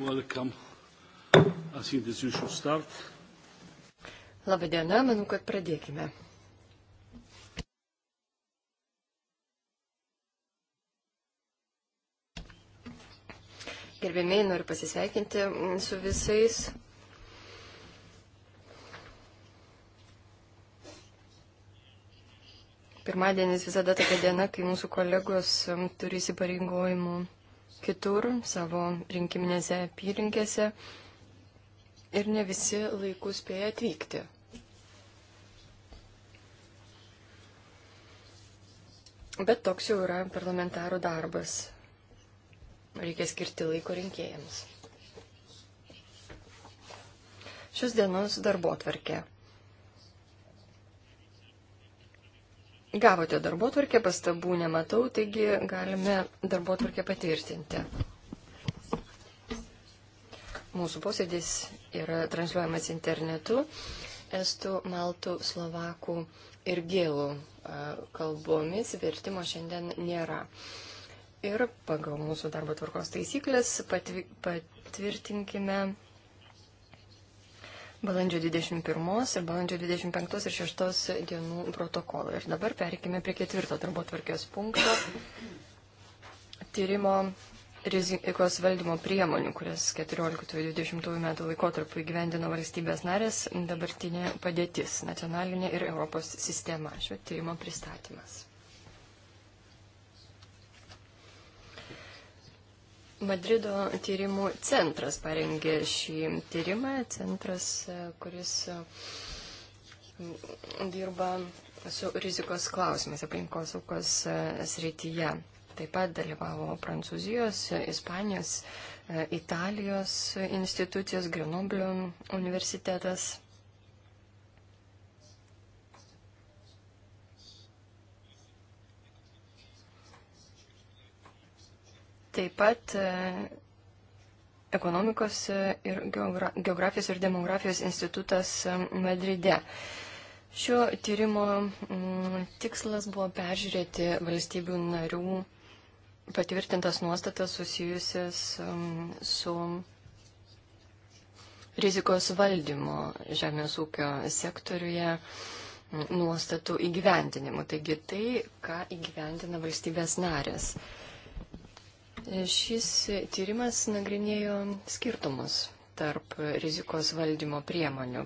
Welcome. I think that you should start. Labadiena, manau, kad pradėkime. Gerbėmiai, noriu pasisveikinti su visais. Pirmadienis visada tokia diena, kai mūsų kolegos um, turi įsipareigojimų kitur, savo rinkiminėse apylinkėse ir ne visi laikus spėja atvykti. Bet toks jau yra parlamentarų darbas. Reikia skirti laiko rinkėjams. Šios dienos darbo tvarkė. Gavote darbo tvarkę, pastabų nematau, taigi galime darbo tvarkę patvirtinti. Mūsų posėdis yra transliuojamas internetu estų, maltų, slovakų ir gėlų kalbomis vertimo šiandien nėra. Ir pagal mūsų darbo tvarkos taisyklės patvi, patvirtinkime balandžio 21 ir balandžio 25 ir 6 dienų protokolą. Ir dabar perikime prie ketvirto darbo tvarkės punkto tyrimo rizikos valdymo priemonių, kurias 14-20 metų laikotarpiu įgyvendino valstybės narės, dabartinė padėtis, nacionalinė ir Europos sistema. Šio tyrimo pristatymas. Madrido tyrimų centras parengė šį tyrimą, centras, e, kuris e, dirba su rizikos klausimais aplinkosaugos e, srityje. Taip pat dalyvavo Prancūzijos, Ispanijos, Italijos institucijos, Grenoblio universitetas. Taip pat e, ekonomikos e, ir geografijos ir demografijos institutas e, Madride. Šio tyrimo mm, tikslas buvo peržiūrėti valstybių narių patvirtintas nuostatas susijusias mm, su rizikos valdymo žemės ūkio sektoriuje mm, nuostatų įgyvendinimu. Taigi tai, ką įgyvendina valstybės narės. Šis tyrimas nagrinėjo skirtumus tarp rizikos valdymo priemonių.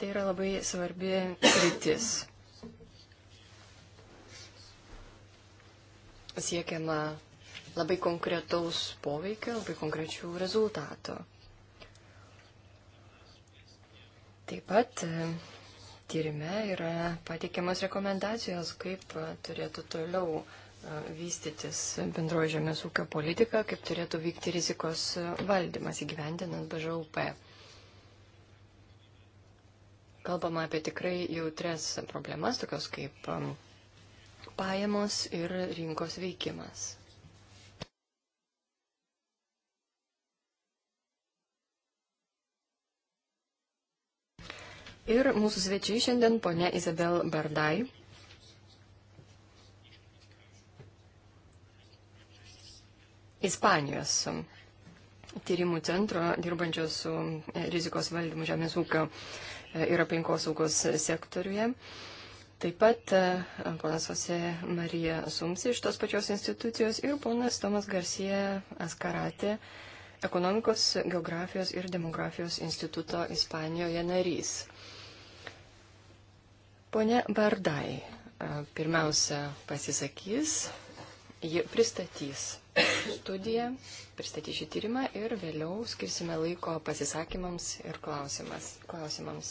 Tai yra labai svarbi rytis. Siekiama labai konkretaus poveikio, labai konkrečių rezultatų. Taip pat e, tyrime yra pateikiamas rekomendacijos, kaip e, turėtų toliau uh, vystytis bendroji žemės ūkio politika, kaip turėtų vykti rizikos valdymas įgyvendinant BŽUP. Kalbama apie tikrai jautres problemas, tokios kaip pajamos ir rinkos veikimas. Ir mūsų svečiai šiandien ponia Izabel Bardai, Ispanijos tyrimų centro, dirbančio su e, rizikos valdymu žemės ūkio e, ir aplinkosaugos sektoriuje. Taip pat e, ponas Jose Marija Sums iš tos pačios institucijos ir ponas Tomas Garcia Askaratė, ekonomikos, geografijos ir demografijos instituto Ispanijoje narys. Pone Bardai pirmiausia pasisakys Ji pristatys studiją, pristatys šį tyrimą ir vėliau skirsime laiko pasisakymams ir klausimams.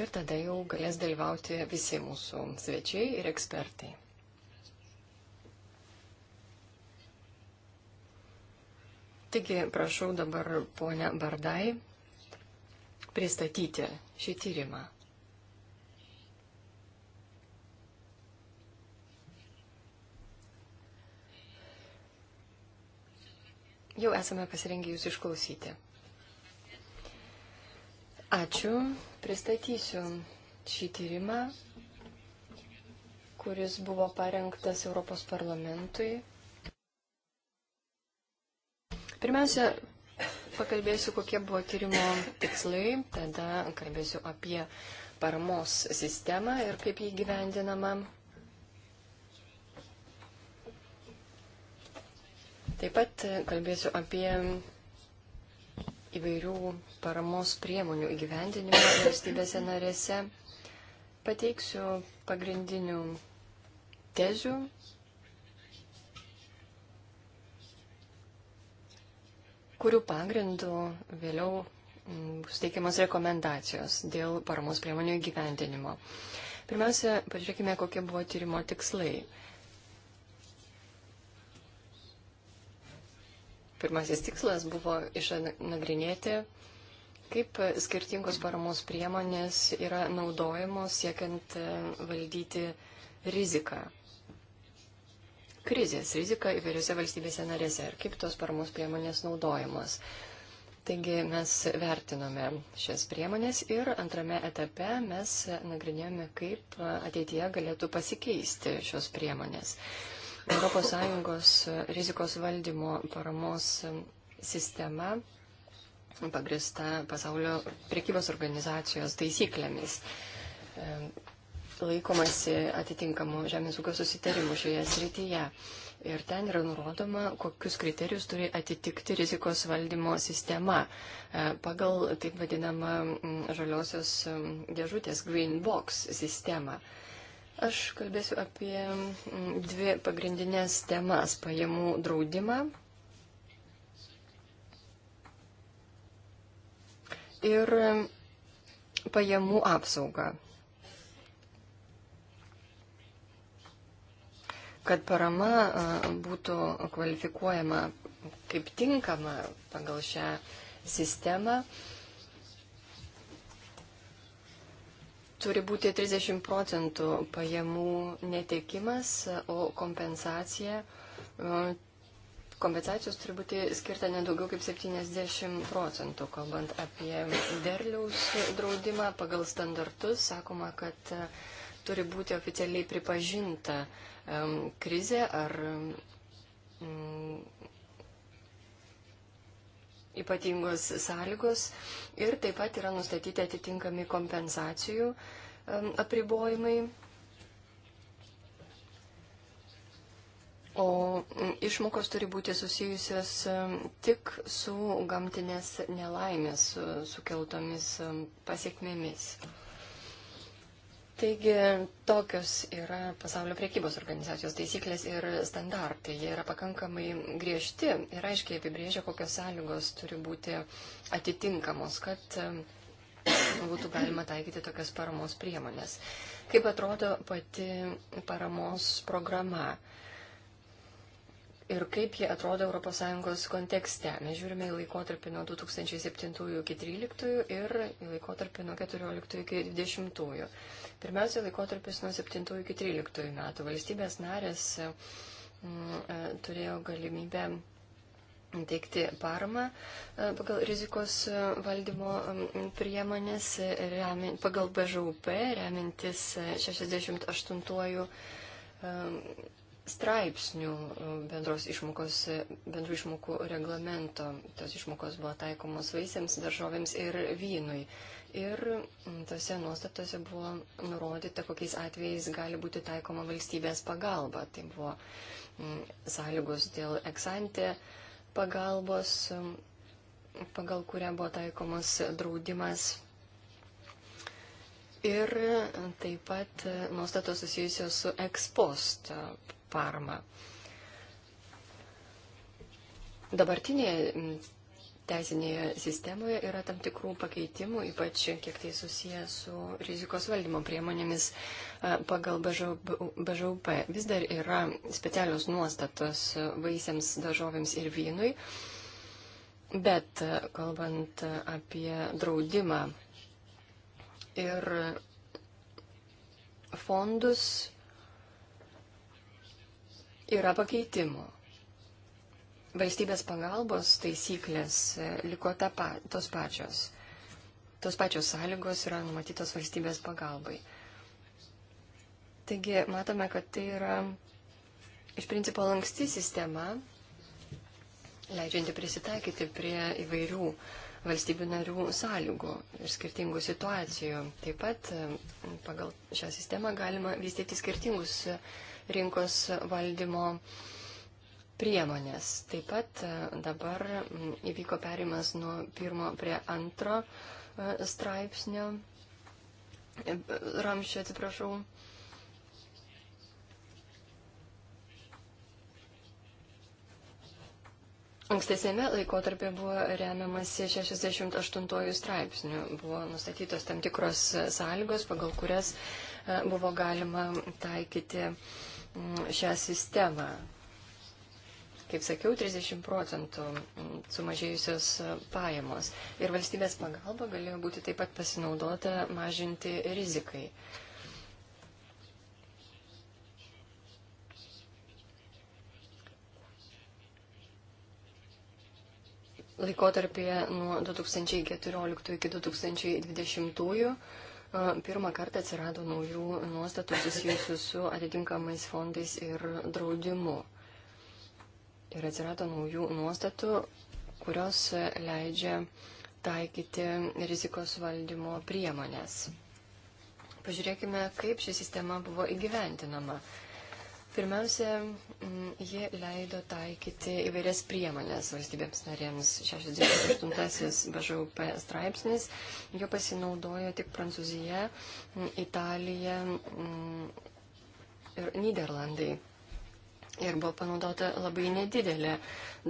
Ir tada jau galės dalyvauti visi mūsų svečiai ir ekspertai. Taigi, prašau dabar ponę Bardai pristatyti šį tyrimą. Jau esame pasirengę jūs išklausyti. Ačiū. Pristatysiu šį tyrimą, kuris buvo parengtas Europos parlamentui. Pirmiausia, pakalbėsiu, kokie buvo tyrimo tikslai, tada kalbėsiu apie paramos sistemą ir kaip jį gyvendinama. Taip pat kalbėsiu apie įvairių paramos priemonių įgyvendinimą valstybėse narėse. Pateiksiu pagrindinių tezių. kurių pagrindų vėliau mm, bus teikiamas rekomendacijos dėl paramos priemonių įgyvendinimo. Pirmiausia, pažiūrėkime, kokie buvo tyrimo tikslai. Pirmasis tikslas buvo išnagrinėti, kaip skirtingos paramos priemonės yra naudojamos siekiant e, valdyti riziką. Krizės rizika įvairiose valstybėse narėse ir kaip tos paramos priemonės naudojamos. Taigi mes vertinome šias priemonės ir antrame etape mes nagrinėjome, kaip ateityje galėtų pasikeisti šios priemonės. ES rizikos valdymo paramos sistema pagrista pasaulio priekybos organizacijos taisyklėmis laikomasi atitinkamų žemės ūkio susitarimų šioje srityje. Ir ten yra nurodoma, kokius kriterijus turi atitikti rizikos valdymo sistema e, pagal taip vadinamą žaliosios dėžutės Green Box sistemą. Aš kalbėsiu apie mm, dvi pagrindinės temas - pajamų draudimą ir pajamų apsaugą. Kad parama būtų kvalifikuojama kaip tinkama pagal šią sistemą, turi būti 30 procentų pajamų netekimas, o kompensacija. E, kompensacijos turi būti skirta nedaugiau kaip 70 procentų, kalbant apie derliaus draudimą pagal standartus. Sakoma, kad e, turi būti oficialiai pripažinta e, krizė ar ypatingos sąlygos ir taip pat yra nustatyti atitinkami kompensacijų apribojimai. O išmokos turi būti susijusios tik su gamtinės nelaimės sukeltomis pasiekmėmis. Su Taigi tokios yra pasaulio priekybos organizacijos taisyklės ir standartai. Jie yra pakankamai griežti ir aiškiai apibrėžia, kokios sąlygos turi būti atitinkamos, kad e, būtų galima taikyti tokias paramos priemonės. Kaip atrodo pati paramos programa? ir kaip jie atrodo ES kontekste. Mes žiūrime į laikotarpį nuo 2007 iki 2013 ir į laikotarpį nuo 2014 iki 2020. Pirmiausia, laikotarpis nuo 2007 iki 2013 metų. Valstybės narės m, mm, e, turėjo galimybę teikti paramą e, pagal rizikos e, valdymo priemonės remin, pagal BŽUP, remintis 68 straipsnių e, bendros išmokos, e, bendrų išmokų reglamento. Tos išmokos buvo taikomos vaisiams, daržovėms ir vynui. Ir tose nuostatose buvo nurodyta, kokiais atvejais gali būti taikoma valstybės pagalba. Tai buvo sąlygos dėl eksantė pagalbos, pagal kurią buvo taikomas draudimas Ir e, taip pat nuostatos susijusios su ekspost paramą. Dabartinėje teisinėje sistemoje yra tam tikrų pakeitimų, ypač kiek tai susiję su rizikos valdymo priemonėmis pagal BŽUP. Vis dar yra specialios nuostatos vaisiams, daržovėms ir vynui, bet kalbant apie draudimą ir fondus, Yra pakeitimų. Valstybės pagalbos taisyklės e, liko ta pa, tos pačios. Tos pačios sąlygos yra numatytos valstybės pagalbai. Taigi matome, kad tai yra iš principo lanksti sistema, leidžianti prisitaikyti prie įvairių valstybių narių sąlygų ir skirtingų situacijų. Taip pat e, pagal šią sistemą galima vystyti skirtingus e, rinkos valdymo priemonės. Taip pat e, dabar įvyko perimas nuo pirmo prie antro e, straipsnio, e, ramščio atsiprašau. Ankstesnėme laikotarpė buvo remiamasi 68 straipsnių. Buvo nustatytos tam tikros sąlygos, pagal kurias buvo galima taikyti uh, Mm, šią sistemą. Kaip sakiau, 30 procentų mm, sumažėjusios e, pajamos. Ir valstybės pagalba galėjo būti taip pat pasinaudota mažinti rizikai. laikotarpyje nuo 2014 iki 2020 pirmą kartą atsirado naujų nuostatų susijusių su atitinkamais fondais ir draudimu. Ir atsirado naujų nuostatų, kurios leidžia taikyti rizikos valdymo priemonės. Pažiūrėkime, kaip ši sistema buvo įgyventinama. Pirmiausia, mm, jie leido taikyti įvairias priemonės valstybėms narėms. 68-asis BŽUP straipsnis, jo pasinaudojo tik Prancūzija, mm, Italija mm, ir Niderlandai. Ir buvo panaudota labai nedidelė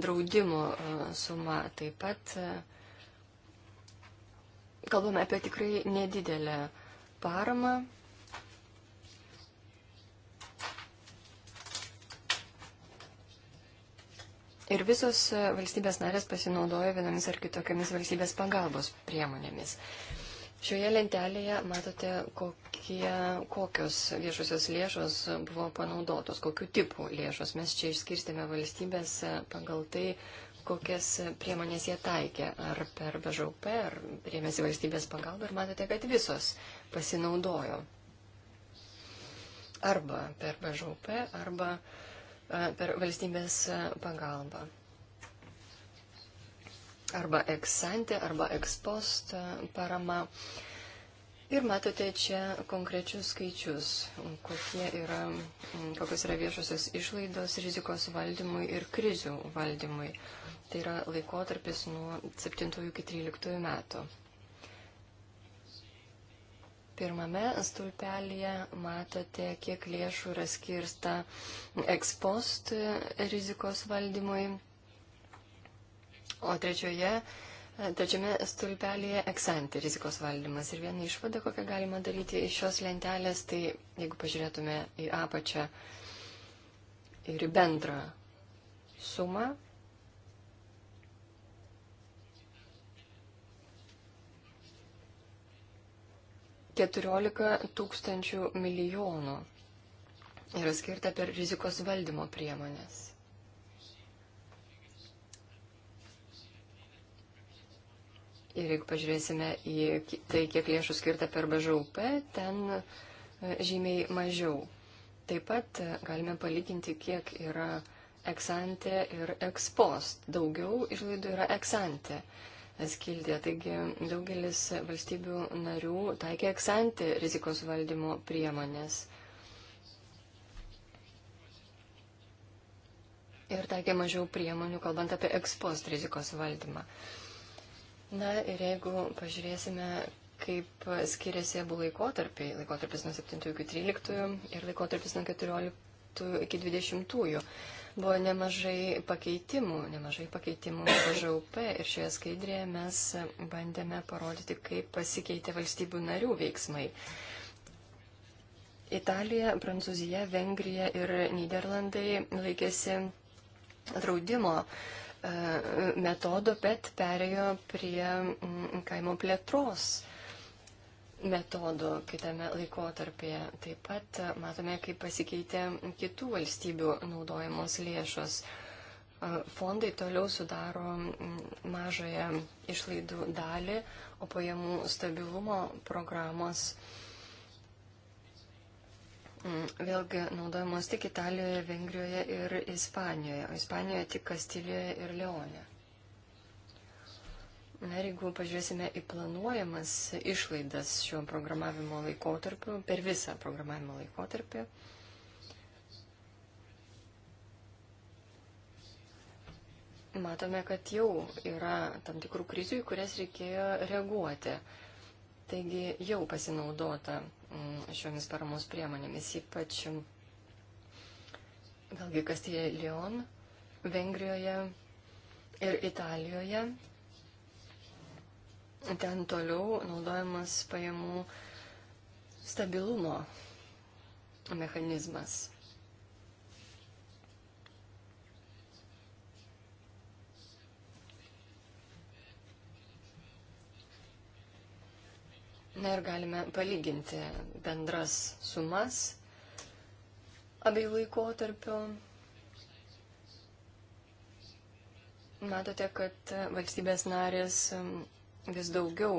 draudimo e, suma. Taip pat e, kalbame apie tikrai nedidelę paramą Ir visos e, valstybės narės pasinaudojo vienomis ar kitokiamis valstybės pagalbos priemonėmis. Šioje lentelėje matote, kokie, kokios viešosios lėšos buvo panaudotos, kokiu tipu lėšos. Mes čia išskirstėme valstybės e, pagal tai, kokias priemonės jie taikė, ar per BŽP, ar rėmėsi valstybės pagalba ir matote, kad visos pasinaudojo. Arba per BŽP, arba uh, per valstybės pagalbą. Arba eksantė, arba ekspost parama. Ir matote čia konkrečius skaičius, yra, kokios yra viešosios išlaidos rizikos valdymui ir krizių valdymui. Tai yra laikotarpis nuo 7 iki 13 metų. Pirmame stulpelėje matote, kiek lėšų yra skirsta ekspost rizikos valdymui. O trečioje, trečiame stulpelėje eksantį rizikos valdymas. Ir viena išvada, kokią galima daryti iš šios lentelės, tai jeigu pažiūrėtume į apačią ir į bendrą sumą, 14 tūkstančių milijonų yra skirta per rizikos valdymo priemonės. Ir jeigu pažiūrėsime į tai, kiek lėšų skirta per BŽUP, ten e, žymiai mažiau. Taip pat e, galime palyginti, kiek yra eksante ir ekspost. Daugiau išlaidų yra eksante skildė. Taigi daugelis valstybių narių taikė eksanti rizikos valdymo priemonės. Ir taikė mažiau priemonių, kalbant apie ekspost rizikos valdymą. Na ir jeigu pažiūrėsime, kaip skiriasi abu laikotarpiai, laikotarpis nuo 7 iki 13 ir laikotarpis nuo 14 iki 20 buvo nemažai pakeitimų, nemažai pakeitimų BŽUP ir šioje skaidrėje mes bandėme parodyti, kaip pasikeitė valstybių narių veiksmai. Italija, Prancūzija, Vengrija ir Niderlandai laikėsi draudimo e, metodo, bet perėjo prie mm, kaimo plėtros metodų kitame laikotarpyje. Taip pat matome, kaip pasikeitė kitų valstybių naudojamos lėšos. Fondai toliau sudaro mm, mažąją išlaidų dalį, o pajamų stabilumo programos mm, vėlgi naudojamos tik Italijoje, Vengrijoje ir Ispanijoje, o Ispanijoje tik Kastilijoje ir Leone. Na ir jeigu pažiūrėsime į planuojamas išlaidas šiuo programavimo laikotarpiu, per visą programavimo laikotarpį, matome, kad jau yra tam tikrų krizių, į kurias reikėjo reaguoti. Taigi jau pasinaudota mm, šiomis paramos priemonėmis, ypač mm, vėlgi Kastija Leon, Vengrijoje ir Italijoje ten toliau naudojamas pajamų stabilumo mechanizmas. Na ir galime palyginti bendras sumas abiejų laikotarpių. Matote, kad valstybės narės vis daugiau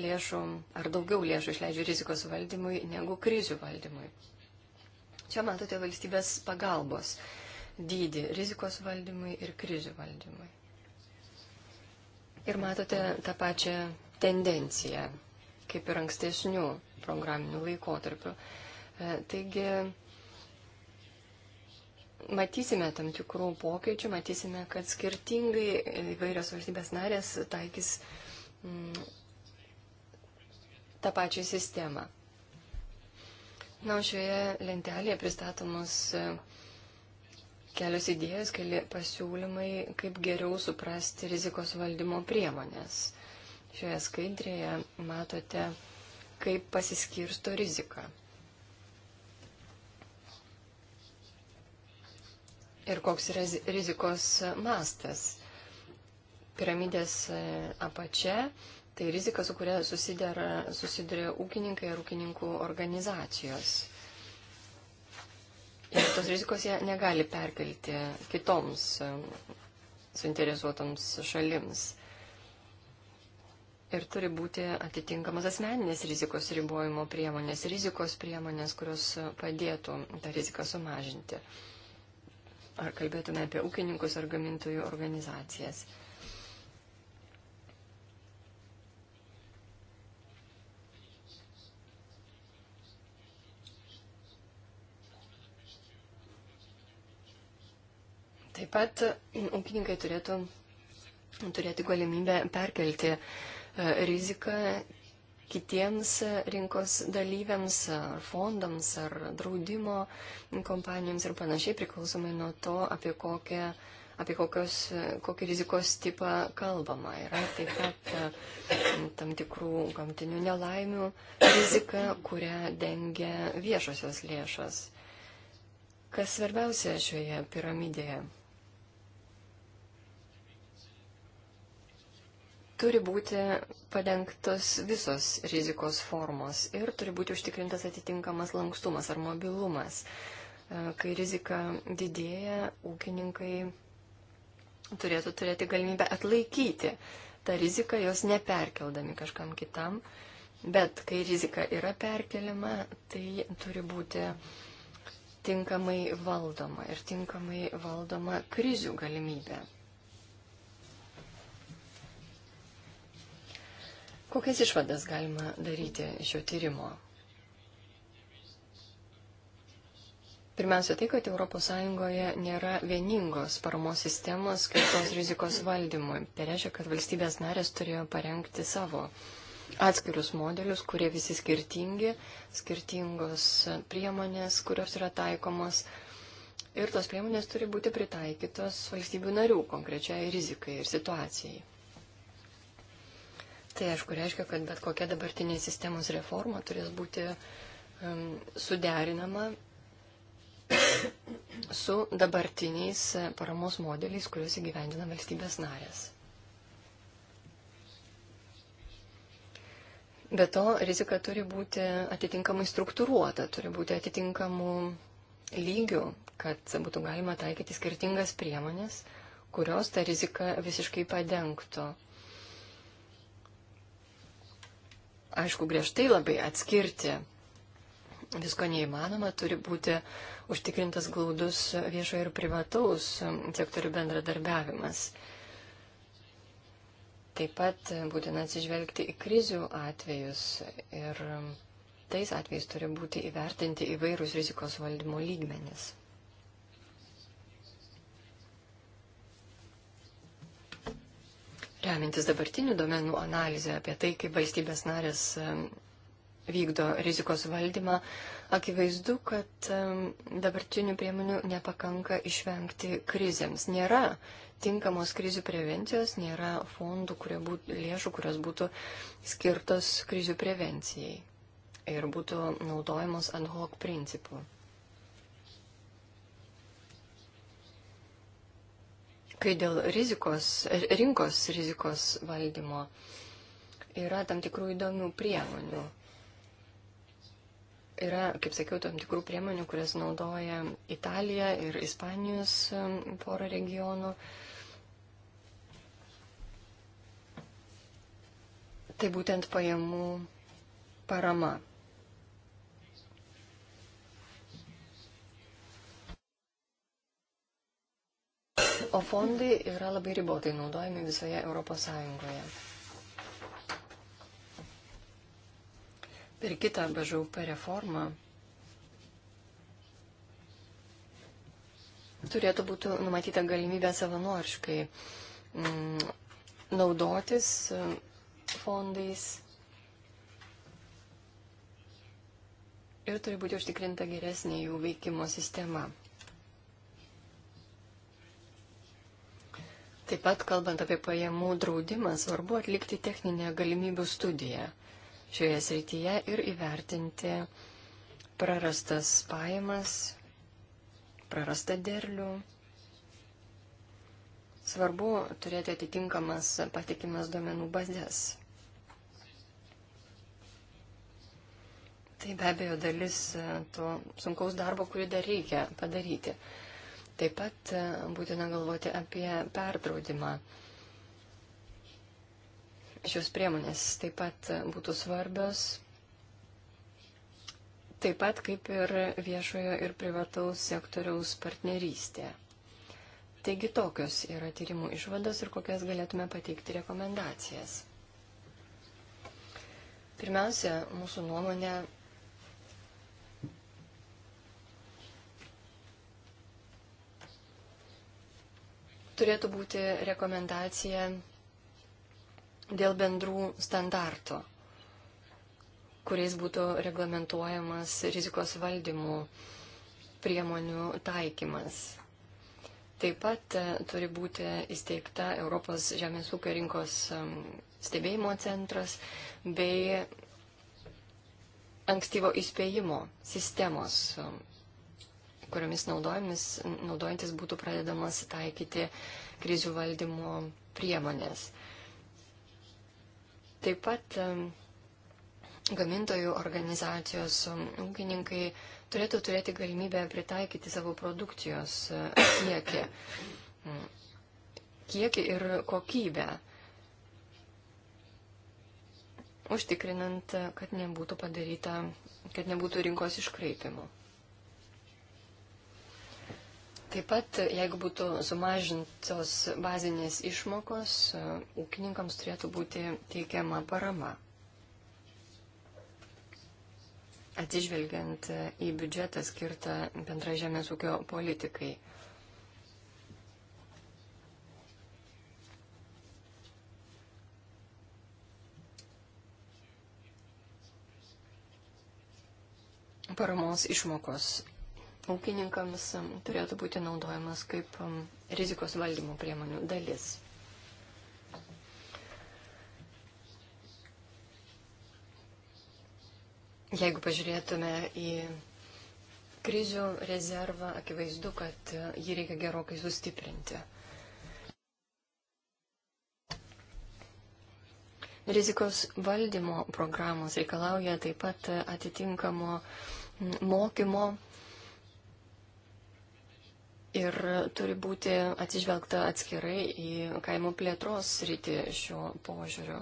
lėšų ar daugiau lėšų išleidžia rizikos valdymui negu krizių valdymui. Čia matote valstybės pagalbos dydį rizikos valdymui ir krizių valdymui. Ir matote tą pačią tendenciją, kaip ir ankstesnių programinių laikotarpių. E, taigi, matysime tam tikrų pokyčių, matysime, kad skirtingai įvairios valstybės narės taikys uh, mm, tą pačią sistemą. Na, šioje lentelėje pristatomos e, kelios idėjos, keli pasiūlymai, kaip geriau suprasti rizikos valdymo priemonės. Šioje skaidrėje matote, kaip pasiskirsto rizika. Ir koks yra rizikos mastas piramidės e, apačia, tai rizika, su kuria susiduria ūkininkai ir ūkininkų organizacijos. Ir tos rizikos jie negali perkelti kitoms e, suinteresuotoms šalims. Ir turi būti atitinkamas asmeninės rizikos ribojimo priemonės, rizikos priemonės, kurios padėtų tą riziką sumažinti. Ar kalbėtume apie ūkininkus ar gamintojų organizacijas. Taip pat mm, ūkininkai turėtų turėti galimybę perkelti e, riziką kitiems e, rinkos dalyviams, ar fondams, ar draudimo kompanijoms ir panašiai, priklausomai nuo to, apie, kokią, apie kokios, e, kokį rizikos tipą kalbama. Yra taip pat tam tikrų gamtinių nelaimių rizika, kurią dengia viešosios lėšas. Kas svarbiausia šioje piramidėje? turi būti padengtos visos rizikos formos ir turi būti užtikrintas atitinkamas lankstumas ar mobilumas. E, kai rizika didėja, ūkininkai turėtų turėti galimybę atlaikyti tą riziką, jos neperkeldami kažkam kitam. Bet kai rizika yra perkeliama, tai turi būti tinkamai valdoma ir tinkamai valdoma krizių galimybė. Kokias išvadas galima daryti iš jo tyrimo? Pirmiausia, tai, kad ES nėra vieningos paramos sistemos skirtos rizikos valdymui. Tai reiškia, kad valstybės narės turėjo parengti savo atskirus modelius, kurie visi skirtingi, skirtingos priemonės, kurios yra taikomos. Ir tos priemonės turi būti pritaikytos valstybių narių konkrečiai rizikai ir situacijai. Tai aišku reiškia, kad bet kokia dabartinė sistemos reforma turės būti um, suderinama su dabartiniais e, paramos modeliais, kuriuos įgyvendina valstybės narės. Be to, rizika turi būti atitinkamai struktūruota, turi būti atitinkamų lygių, kad būtų galima taikyti skirtingas priemonės, kurios tą riziką visiškai padengtų. aišku, griežtai labai atskirti. Visko neįmanoma, turi būti užtikrintas glaudus viešo ir privataus sektorių bendradarbiavimas. Taip pat būtina atsižvelgti į krizių atvejus ir tais atvejais turi būti įvertinti įvairūs rizikos valdymo lygmenis. Remintis dabartinių duomenų analizę apie tai, kaip valstybės narės vykdo rizikos valdymą, akivaizdu, kad dabartinių priemonių nepakanka išvengti krizėms. Nėra tinkamos krizių prevencijos, nėra fondų, kurie būtų, lėšų, kurios būtų skirtos krizių prevencijai ir būtų naudojamos ad hoc principu. Kai dėl rizikos, rinkos rizikos valdymo yra tam tikrų įdomių priemonių. Yra, kaip sakiau, tam tikrų priemonių, kurias naudoja Italija ir Ispanijos um, pora regionų. Tai būtent pajamų parama. o fondai yra labai ribotai naudojami visoje Europos Sąjungoje. Per kitą BŽUP reformą turėtų būti numatyta galimybė savanoriškai mm, naudotis mm, fondais ir turi būti užtikrinta geresnė jų veikimo sistema. Taip pat, kalbant apie pajamų draudimą, svarbu atlikti techninę galimybių studiją šioje srityje ir įvertinti prarastas pajamas, prarastą derlių. Svarbu turėti atitinkamas patikimas duomenų bazės. Tai be abejo dalis e, to sunkaus darbo, kurį dar reikia padaryti. Taip pat e, būtina galvoti apie perdraudimą. Šios priemonės taip pat būtų svarbios, taip pat kaip ir viešojo ir privataus sektoriaus partnerystė. Taigi tokios yra tyrimų išvados ir kokias galėtume pateikti rekomendacijas. Pirmiausia, mūsų nuomonė turėtų būti rekomendacija dėl bendrų standartų, kuriais būtų reglamentuojamas rizikos valdymų priemonių taikymas. Taip pat e, turi būti įsteigta Europos žemės ūkio rinkos stebėjimo centras bei ankstyvo įspėjimo sistemos kuriomis naudojantis būtų pradedamas taikyti krizių valdymo priemonės. Taip pat gamintojų organizacijos ūkininkai turėtų turėti galimybę pritaikyti savo produkcijos e, kiekį, mm. kiekį ir kokybę, užtikrinant, kad nebūtų padaryta, kad nebūtų rinkos iškreipimo. Taip pat, jeigu būtų sumažintos bazinės išmokos, ūkininkams turėtų būti teikiama parama. Atsižvelgiant į biudžetą skirtą bendra žemės ūkio politikai. Paramos išmokos ūkininkams um, turėtų būti naudojamas kaip um, rizikos valdymo priemonių dalis. Jeigu pažiūrėtume į krizių rezervą, akivaizdu, kad uh, jį reikia gerokai sustiprinti. Rizikos valdymo programos reikalauja taip pat uh, atitinkamo mokymo Ir turi būti atsižvelgta atskirai į kaimo plėtros rytį šiuo požiūriu.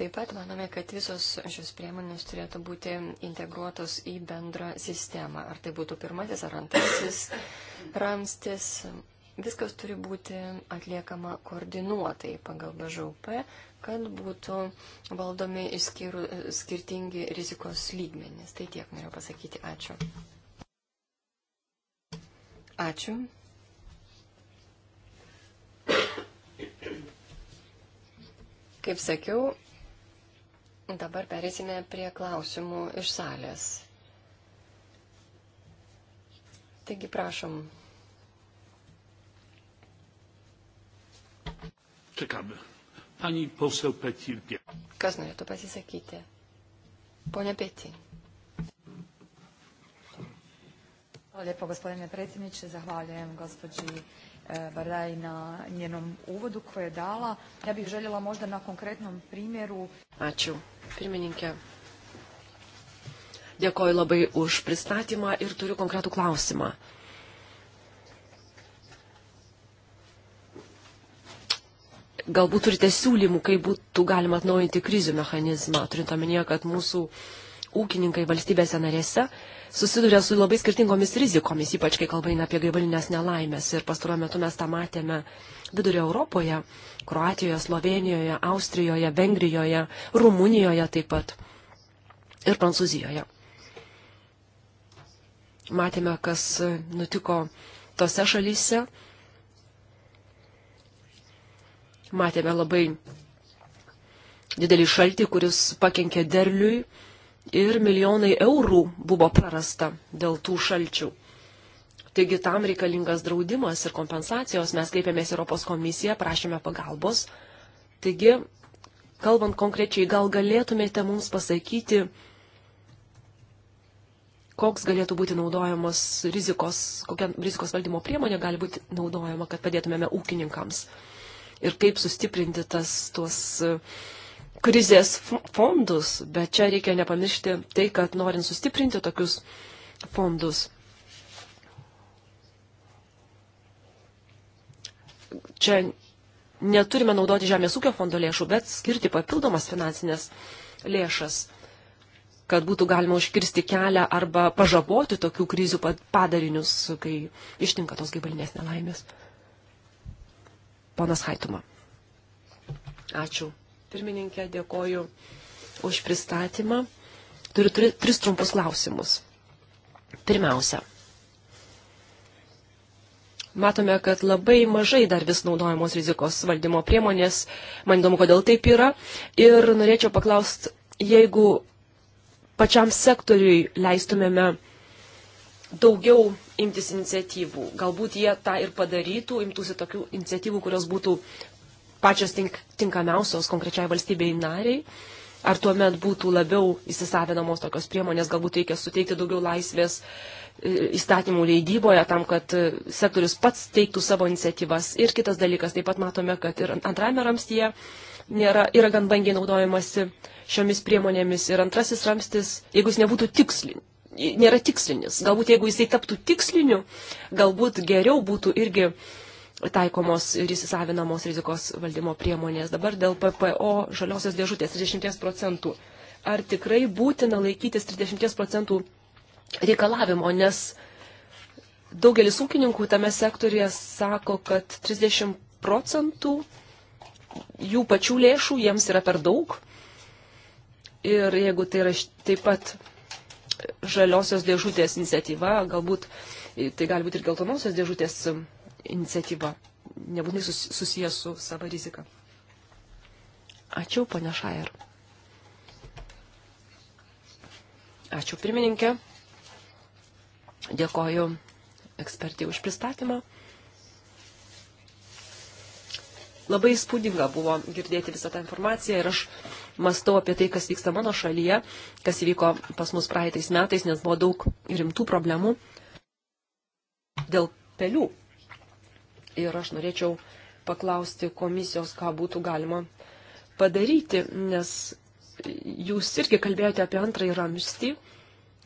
Taip pat manome, kad visos šios priemonės turėtų būti integruotos į bendrą sistemą. Ar tai būtų pirmasis ar antrasis ramstis. Viskas turi būti atliekama koordinuotai pagal BŽUP, kad būtų valdomi išskirtingi rizikos lygmenys. Tai tiek noriu pasakyti. Ačiū. Ačiū. Kaip sakiau, dabar perėsime prie klausimų iš salės. Taigi prašom. Čekame. Pani posel Petir. Kas norėtų pasisakyti? Pone Petir. Hvala lijepo gospodine predsjedniče, zahvaljujem gospođi e, Bardaj na njenom uvodu koje je dala. Ja bih željela možda na konkretnom primjeru. Ačiū, pirmininkė. Dėkoju labai už pristatymą ir turiu konkretų klausimą. Galbūt turite siūlymų, kaip būtų galima atnaujinti krizių mechanizmą, turint omenyje, kad mūsų uh, ūkininkai valstybėse narėse susiduria su labai skirtingomis rizikomis, ypač kai kalba eina apie gaivalinės nelaimės. Ir pastaruoju metu mes tą matėme vidurio Europoje, Kroatijoje, Slovenijoje, Austrijoje, Vengrijoje, Rumunijoje taip pat ir Prancūzijoje. Matėme, kas nutiko tose šalyse. Matėme labai didelį šaltį, kuris pakenkė derliui ir milijonai eurų buvo prarasta dėl tų šalčių. Taigi tam reikalingas draudimas ir kompensacijos. Mes kreipėmės Europos komisiją, prašėme pagalbos. Taigi, kalbant konkrečiai, gal galėtumėte mums pasakyti, koks galėtų būti naudojamos rizikos, kokia rizikos valdymo priemonė gali būti naudojama, kad padėtumėme ūkininkams. Ir kaip sustiprinti tas tuos uh, krizės fondus, bet čia reikia nepamiršti tai, kad norint sustiprinti tokius fondus. Čia neturime naudoti Žemės ūkio fondo lėšų, bet skirti papildomas finansinės lėšas, kad būtų galima užkirsti kelią arba pažaboti tokių krizių padarinius, kai ištinka tos gyvalinės nelaimės. Ponas Haituma. Ačiū. Pirmininkė, dėkoju už pristatymą. Turiu tri, tris trumpus klausimus. Pirmiausia, matome, kad labai mažai dar vis naudojamos rizikos valdymo priemonės. Man įdomu, kodėl taip yra. Ir norėčiau paklausti, jeigu pačiam sektoriui leistumėme daugiau imtis iniciatyvų. Galbūt jie tą ir padarytų, imtųsi tokių iniciatyvų, kurios būtų pačios tink, tinkamiausios konkrečiai valstybei nariai. Ar tuomet būtų labiau įsisavinamos tokios priemonės, galbūt reikia suteikti daugiau laisvės e, įstatymų leidyboje tam, kad e, sektorius pats teiktų savo iniciatyvas. Ir kitas dalykas, taip pat matome, kad ir antrame ramstyje nėra, yra gan bangiai naudojamasi šiomis priemonėmis. Ir antrasis ramstis, jeigu jis nebūtų tikslinis, nėra tikslinis, galbūt jeigu jisai taptų tiksliniu, galbūt geriau būtų irgi taikomos ir įsisavinamos rizikos valdymo priemonės. Dabar dėl PPO žaliosios dėžutės 30 procentų. Ar tikrai būtina laikytis 30 procentų reikalavimo, nes daugelis ūkininkų tame sektorėje sako, kad 30 procentų jų pačių lėšų jiems yra per daug. Ir jeigu tai yra taip pat žaliosios dėžutės iniciatyva, galbūt tai gali būti ir geltonosios dėžutės iniciatyva iniciatyva, nebūtinai susijęs su savo rizika. Ačiū, ponia Šair. Ačiū, pirmininkė. Dėkoju ekspertai už pristatymą. Labai įspūdinga buvo girdėti visą tą informaciją ir aš mastau apie tai, kas vyksta mano šalyje, kas įvyko pas mus praeitais metais, nes buvo daug rimtų problemų dėl pelių ir aš norėčiau paklausti komisijos, ką būtų galima padaryti, nes jūs irgi kalbėjote apie antrąjį ramstį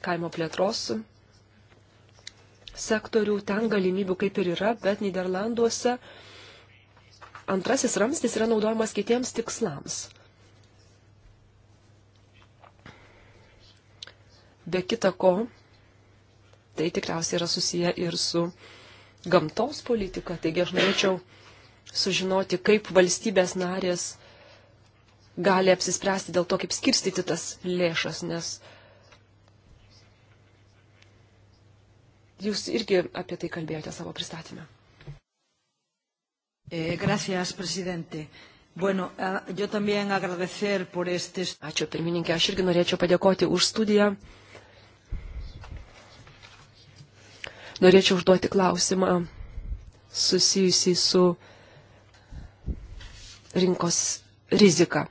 kaimo plėtros sektorių, ten galimybių kaip ir yra, bet Niderlanduose antrasis ramstis yra naudojamas kitiems tikslams. Be kita ko, tai tikriausiai yra susiję ir su gamtos politiką. Taigi aš norėčiau sužinoti, kaip valstybės narės gali apsispręsti dėl to, kaip skirstyti tas lėšas, nes jūs irgi apie tai kalbėjote savo pristatymę. E, gracias, presidente. Bueno, yo también agradecer por este... Ačiū pirmininkė, aš irgi norėčiau padėkoti už studiją. Norėčiau užduoti klausimą susijusį su rinkos rizika.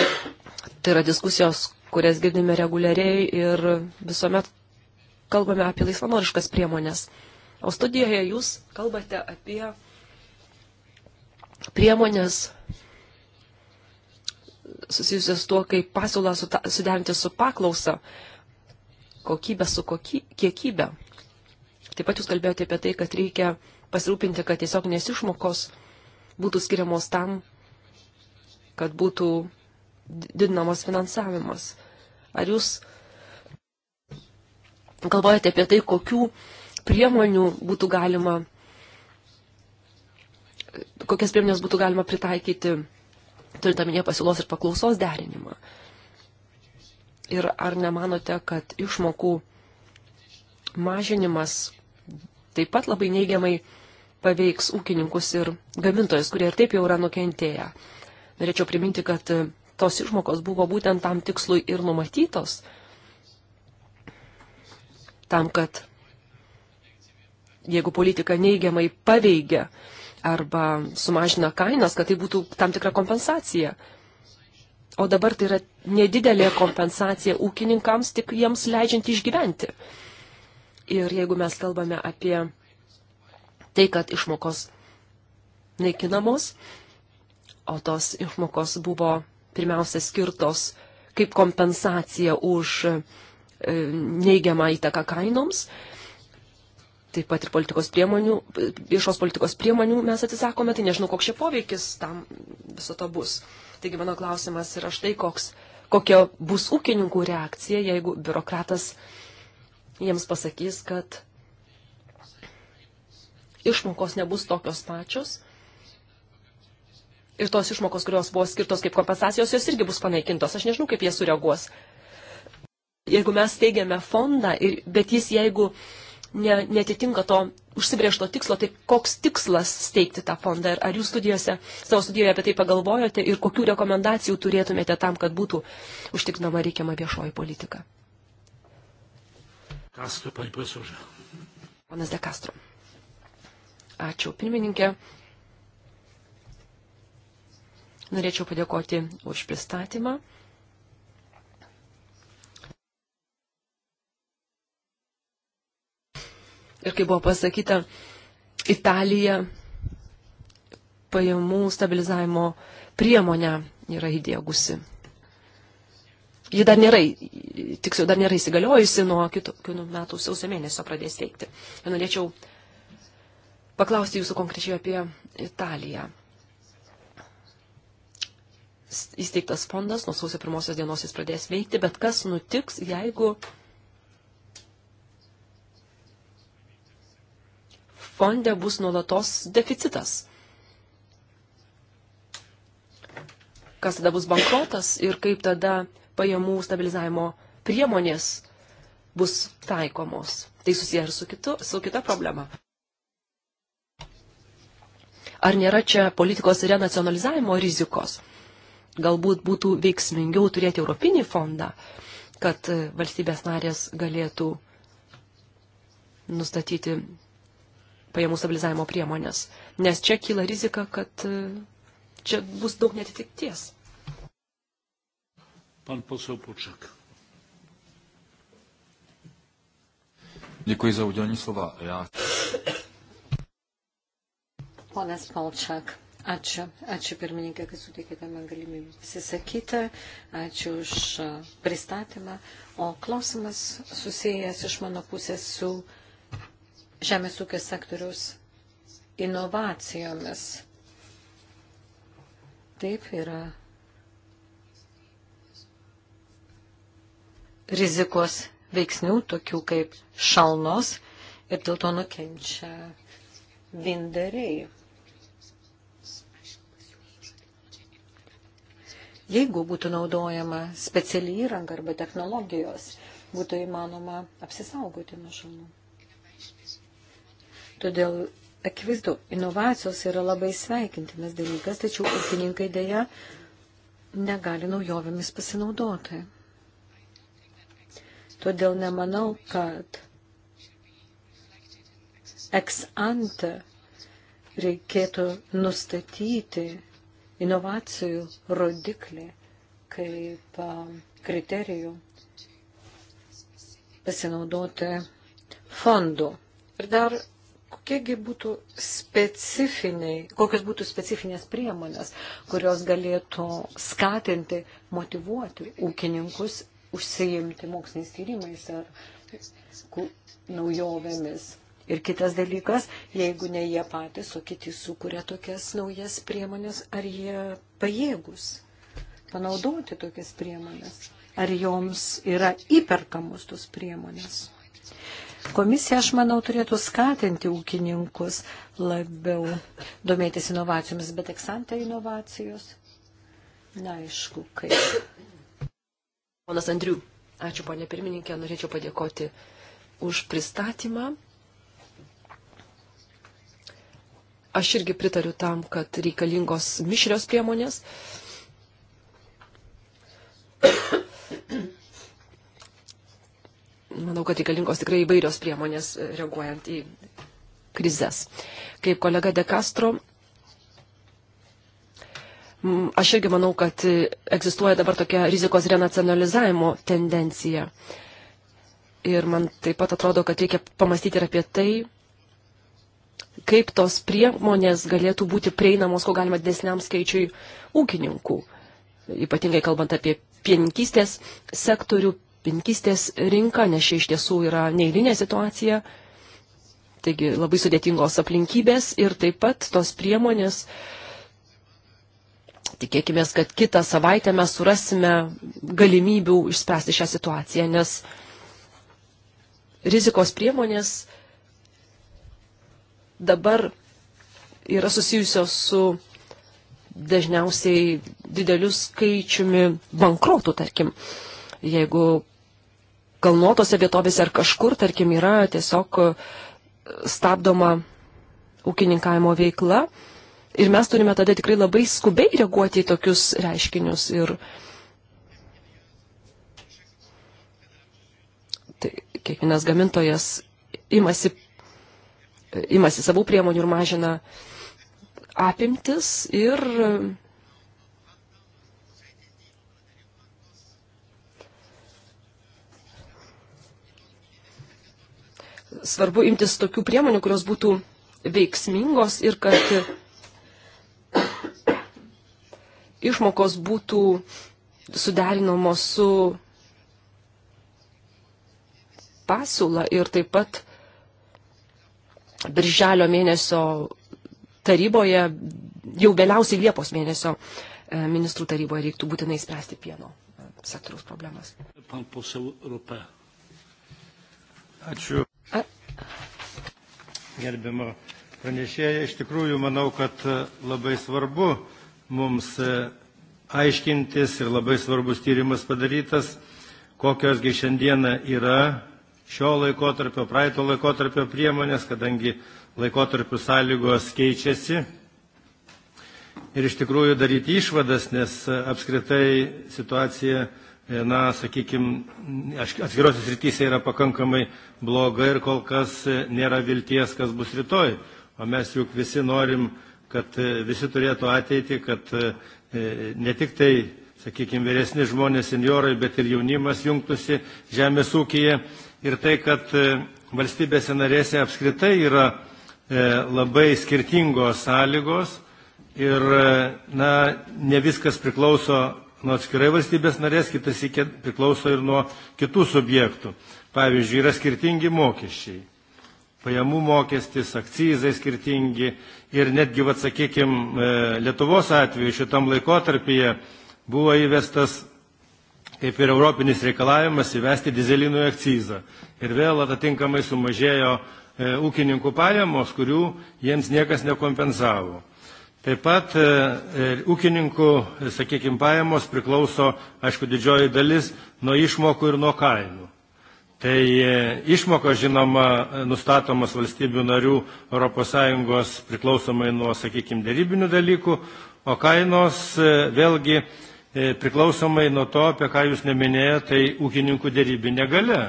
Tai yra diskusijos, kurias girdime reguliariai ir visuomet kalbame apie laisvanoriškas priemonės. O studijoje jūs kalbate apie priemonės susijusias tuo, kaip pasiūlą suderinti su paklausa, kokybę su koky, kiekybė. Taip pat jūs kalbėjote apie tai, kad reikia pasirūpinti, kad tiesiog nesišmokos būtų skiriamos tam, kad būtų didinamas finansavimas. Ar jūs galvojate apie tai, kokių priemonių būtų galima, kokias priemonės būtų galima pritaikyti, turint omenyje pasiūlos ir paklausos derinimą? Ir ar nemanote, kad išmokų mažinimas taip pat labai neigiamai paveiks ūkininkus ir gamintojus, kurie ir taip jau yra nukentėję. Norėčiau priminti, kad e, tos išmokos buvo būtent tam tikslui ir numatytos, tam, kad jeigu politika neigiamai paveigia arba sumažina kainas, kad tai būtų tam tikra kompensacija. O dabar tai yra nedidelė kompensacija ūkininkams, tik jiems leidžiant išgyventi. Ir jeigu mes kalbame apie tai, kad išmokos naikinamos, o tos išmokos buvo pirmiausia skirtos kaip kompensacija už e, neigiamą įtaką kainoms, taip pat ir politikos priemonių, viešos politikos priemonių mes atsisakome, tai nežinau, koks čia poveikis tam viso to bus. Taigi mano klausimas yra štai koks, kokia bus ūkininkų reakcija, jeigu biurokratas uh, jiems pasakys, kad išmokos nebus tokios pačios. Ir tos išmokos, kurios buvo skirtos kaip kompensacijos, jos irgi bus panaikintos. Aš nežinau, kaip jie sureaguos. Jeigu mes teigiame fondą, ir, bet jis jeigu ne, netitinka to užsibriešto tikslo, tai koks tikslas steigti tą fondą? Ir ar jūs studijose, savo studijoje apie tai pagalvojote ir kokių rekomendacijų turėtumėte tam, kad būtų užtikrinama reikiama viešoji politika? Castro, pani profesorė. Ponas De Castro. Ačiū, pirmininkė. Norėčiau padėkoti už pristatymą. Ir kaip buvo pasakyta, Italija pajamų stabilizavimo priemonę yra įdėgusi ji dar nėra, tiksliau, dar nėra įsigaliojusi nuo kitų, kitų metų sausio mėnesio pradės veikti. Ir norėčiau paklausti jūsų konkrečiai apie Italiją. Įsteigtas fondas nuo sausio pirmosios dienos jis pradės veikti, bet kas nutiks, jeigu fonde bus nuolatos deficitas? Kas tada bus bankrotas ir kaip tada pajamų stabilizavimo priemonės bus taikomos. Tai susiję ir su, kitu, su kita problema. Ar nėra čia politikos renacionalizavimo rizikos? Galbūt būtų veiksmingiau turėti Europinį fondą, kad valstybės narės galėtų nustatyti pajamų stabilizavimo priemonės. Nes čia kyla rizika, kad e, čia bus daug netitikties. Pan poseł Poczek. Děkuji za udělení slova. Já... Ponas Polčak. Ačiū. Ačiū pirmininkė, kad suteikėte man galimybę pasisakyti. Ačiū už pristatymą. O klausimas susijęs iš mano pusės su žemės ūkio sektoriaus inovacijomis. Taip yra rizikos veiksnių, tokių kaip šalnos, ir dėl to nukenčia vindariai. Jeigu būtų naudojama speciali įranga arba technologijos, būtų įmanoma apsisaugoti nuo šalnų. Todėl akivaizdu, inovacijos yra labai sveikintinas dalykas, tačiau ūkininkai dėja negali naujovėmis pasinaudoti. Todėl nemanau, kad ex ante reikėtų nustatyti inovacijų rodiklį kaip kriterijų pasinaudoti fondų. Ir dar kokiegi būtų specifiniai, kokios būtų specifinės priemonės, kurios galėtų skatinti, motivuoti ūkininkus užsiimti moksliniais tyrimais ar naujovėmis. Ir kitas dalykas, jeigu ne jie patys, o kiti sukuria tokias naujas priemonės, ar jie pajėgus panaudoti tokias priemonės, ar joms yra įperkamos tos priemonės. Komisija, aš manau, turėtų skatinti ūkininkus labiau domėtis inovacijomis, bet eksanta inovacijos, neaišku, kaip Ponas Andriu, ačiū ponė pirmininkė, norėčiau padėkoti už pristatymą. Aš irgi pritariu tam, kad reikalingos mišrios priemonės. Manau, kad reikalingos tikrai įvairios priemonės reaguojant į krizės. Kaip kolega De Castro, Mm, aš irgi manau, kad egzistuoja dabar tokia rizikos renacionalizavimo tendencija. Ir man taip pat atrodo, kad reikia pamastyti ir apie tai, kaip tos priemonės galėtų būti prieinamos, ko galima didesniam skaičiui ūkininkų. Ypatingai kalbant apie pieninkystės sektorių, pieninkystės rinką, nes čia iš tiesų yra neįlinė situacija. Taigi labai sudėtingos aplinkybės ir taip pat tos priemonės uh, tikėkime, kad kitą savaitę mes surasime galimybių išspręsti šią situaciją, nes rizikos priemonės dabar yra susijusios su dažniausiai dideliu skaičiumi bankrotų, tarkim. Jeigu kalnuotose vietovėse ar kažkur, tarkim, yra tiesiog stabdoma ūkininkavimo veikla, Ir mes turime tada tikrai labai skubiai reaguoti į tokius reiškinius. Ir tai kiekvienas gamintojas imasi, imasi savų priemonių ir mažina apimtis ir svarbu imtis tokių priemonių, kurios būtų veiksmingos ir kad išmokos būtų suderinamos su pasiūla ir taip pat birželio mėnesio taryboje, jau vėliausiai Liepos mėnesio e, ministrų taryboje reiktų būtinai spręsti pieno e, sektoriaus problemas. Ačiū. A... Gerbimo pranešėja, iš tikrųjų manau, kad e, labai svarbu mums e, aiškintis ir labai svarbus tyrimas padarytas, kokiosgi šiandieną yra šio laikotarpio, praeito laikotarpio priemonės, kadangi laikotarpių sąlygos keičiasi. Ir iš tikrųjų daryti išvadas, nes e, apskritai situacija, e, na, sakykime, atskirose srityse yra pakankamai bloga ir kol kas nėra vilties, kas bus rytoj. O mes juk visi norim kad e, visi turėtų ateitį, kad e, e, ne tik tai, sakykime, vyresni žmonės, seniorai, bet ir jaunimas jungtųsi žemės ūkyje ir tai, kad valstybėse narėse apskritai yra labai skirtingos sąlygos ir na, ne viskas priklauso nuo atskirai valstybės narės, kitas priklauso ir nuo kitų subjektų. Pavyzdžiui, yra skirtingi mokesčiai. Pajamų mokestis, akcizai skirtingi, ir netgi, vat, sakykime, Lietuvos atveju šitam laikotarpyje buvo įvestas kaip ir europinis reikalavimas įvesti dizelinų akcizą. Ir vėl atitinkamai sumažėjo e, ūkininkų pajamos, kurių jiems niekas nekompensavo. Taip pat e, e ūkininkų, sakykime, pajamos priklauso, aišku, didžioji dalis nuo išmokų ir nuo kainų. Tai e, išmokos, žinoma, nustatomos valstybių narių ES priklausomai nuo, sakykime, dėrybinių dalykų, o kainos e, vėlgi e, priklausomai nuo to, apie ką jūs neminėjote, tai ūkininkų dėrybinė gale.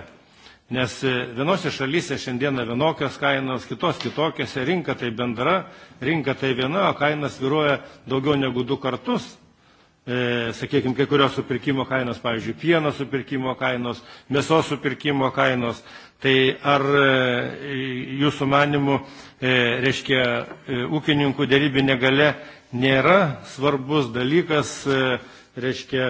Nes vienose šalyse šiandieną vienokios kainos, kitos kitokiose, rinka tai bendra, rinka tai viena, o kainas viruoja daugiau negu du kartus. E, sakykime, kai kurios supirkimo kainos, pavyzdžiui, pieno supirkimo kainos, mėsos supirkimo kainos. Tai ar e, jūsų manimų, e, reiškia, ūkininkų dėrybinė gale nėra svarbus dalykas, reiškia,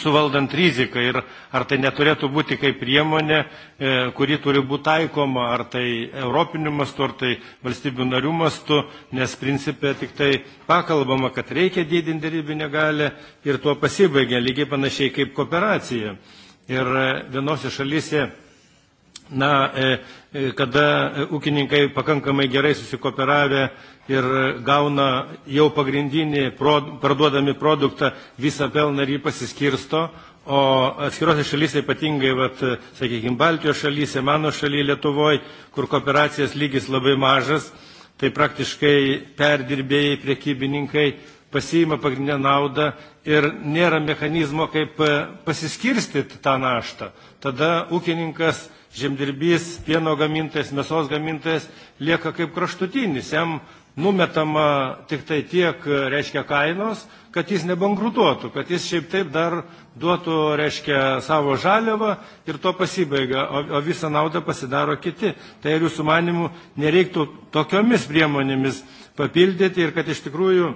suvaldant riziką ir ar tai neturėtų būti kaip priemonė, e, kuri turi būti taikoma, ar tai europiniu mastu, ar tai valstybių narių mastu, nes principė tik tai pakalbama, kad reikia didinti rybinę galę ir tuo pasibaigia, lygiai panašiai kaip kooperacija. Ir e, vienose šalyse na, e, e, kada e, ūkininkai pakankamai gerai susikoperavę ir gauna jau pagrindinį parduodami produktą visą pelną ir jį pasiskirsto, o atskirose šalyse ypatingai, vat, sakykime, Baltijos šalyse, mano šalyje Lietuvoje, kur kooperacijos lygis labai mažas, tai praktiškai perdirbėjai, priekybininkai pasiima pagrindinę naudą ir nėra mechanizmo, kaip pasiskirstyti tą naštą. Tada ūkininkas žemdirbys, pieno gamintojas, mėsos gamintojas lieka kaip kraštutinis, jam numetama tik tai tiek, reiškia, kainos, kad jis nebankrutuotų, kad jis šiaip taip dar duotų, reiškia, savo žaliavą ir to pasibaiga, o, o visą naudą pasidaro kiti. Tai ir jūsų manimų nereiktų tokiomis priemonėmis papildyti ir kad iš tikrųjų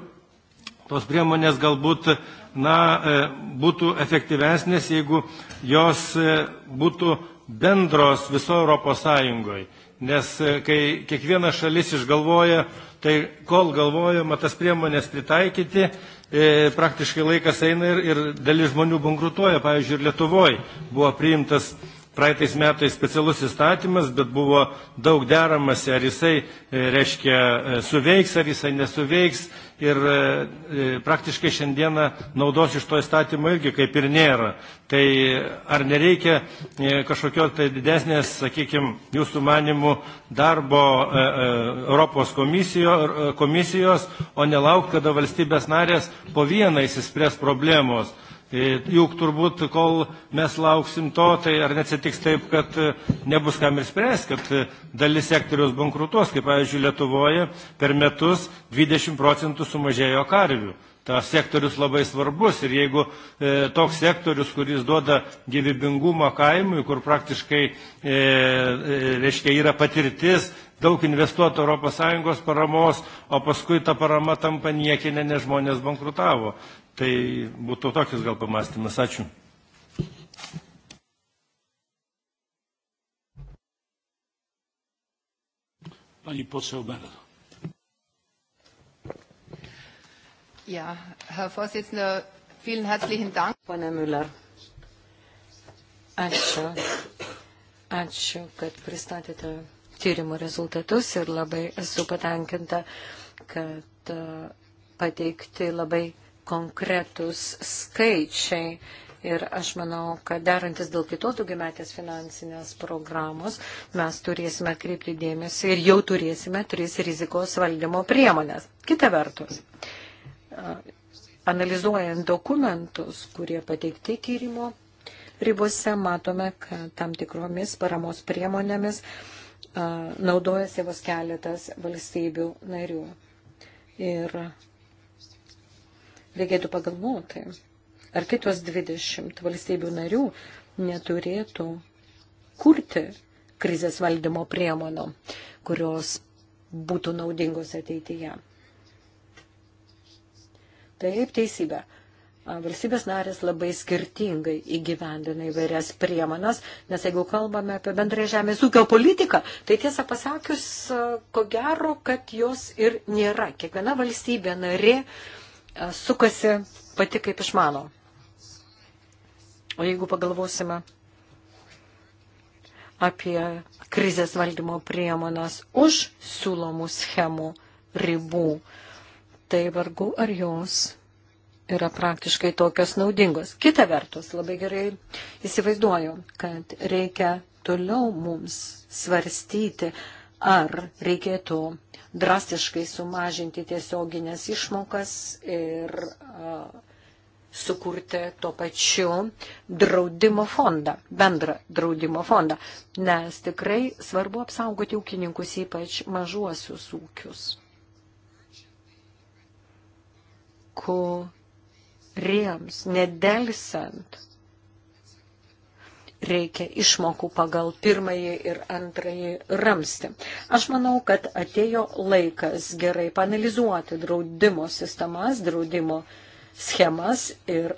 tos priemonės galbūt na, e, būtų efektyvesnės, jeigu jos e, būtų bendros viso Europos Sąjungoje. Nes e, kai kiekviena šalis išgalvoja, tai kol galvojama tas priemonės pritaikyti, e, praktiškai laikas eina ir, ir dalis žmonių bankrutuoja. Pavyzdžiui, ir Lietuvoje buvo priimtas praeitais metais specialus įstatymas, bet buvo daug deramasi, ar jisai, e, reiškia, e, suveiks, ar jisai nesuveiks, ir e, e, praktiškai šiandieną naudos iš to įstatymo irgi kaip ir nėra. Tai ar nereikia e, kažkokios tai didesnės, sakykime, jūsų manimų darbo Europos komisijo, komisijos, o nelauk, kada valstybės narės po vieną įsispręs problemos. E, juk turbūt, kol mes lauksim to, tai ar neatsitiks taip, kad e, nebus kam ir spręs, kad e, dalis sektoriaus bankrutuos, kaip pavyzdžiui Lietuvoje per metus 20 procentų sumažėjo karvių. Ta sektorius labai svarbus ir jeigu e, toks sektorius, kuris duoda gyvybingumą kaimui, kur praktiškai e, e, reiškia, yra patirtis, daug investuota ES paramos, o paskui ta parama tampa niekinė, nes žmonės bankrutavo. Tai būtų tokias gal pamastymas. Ačiū. Pani poseł Bernard. Ja, Herr Vorsitzender, vielen herzlichen Dank. Pane Müller, ačiū. Ačiū, kad pristatėte tyrimo rezultatus ir labai esu patenkinta, kad uh, pateikti labai konkretus skaičiai. Ir aš manau, kad darantis dėl kitos daugiametės finansinės programos, mes turėsime kreipti dėmesį ir jau turėsime tris rizikos valdymo priemonės. Kita vertus, analizuojant dokumentus, kurie pateikti tyrimo ribose, matome, kad tam tikromis paramos priemonėmis naudojasi vos keletas valstybių narių. Ir reikėtų pagalvoti, ar kitos 20 valstybių narių neturėtų kurti krizės valdymo priemonų, kurios būtų naudingos ateityje. Taip, teisybė. Valstybės narės labai skirtingai įgyvendina įvairias priemonas, nes jeigu kalbame apie bendrąją žemės ūkio politiką, tai tiesą pasakius, ko gero, kad jos ir nėra. Kiekviena valstybė narė uh, E, sukasi pati kaip išmano. O jeigu pagalvosime apie krizės valdymo priemonas už siūlomų schemų ribų, tai vargu ar jos yra praktiškai tokios naudingos. Kita vertus, labai gerai įsivaizduoju, kad reikia toliau mums svarstyti, ar reikėtų drastiškai sumažinti tiesioginės išmokas ir a, sukurti tuo pačiu draudimo fondą, bendrą draudimo fondą, nes tikrai svarbu apsaugoti ūkininkus, ypač mažuosius ūkius, kuriems nedelsant reikia išmokų pagal pirmąjį ir antrąjį ramstį. Aš manau, kad atėjo laikas gerai panalizuoti draudimo sistemas, draudimo schemas ir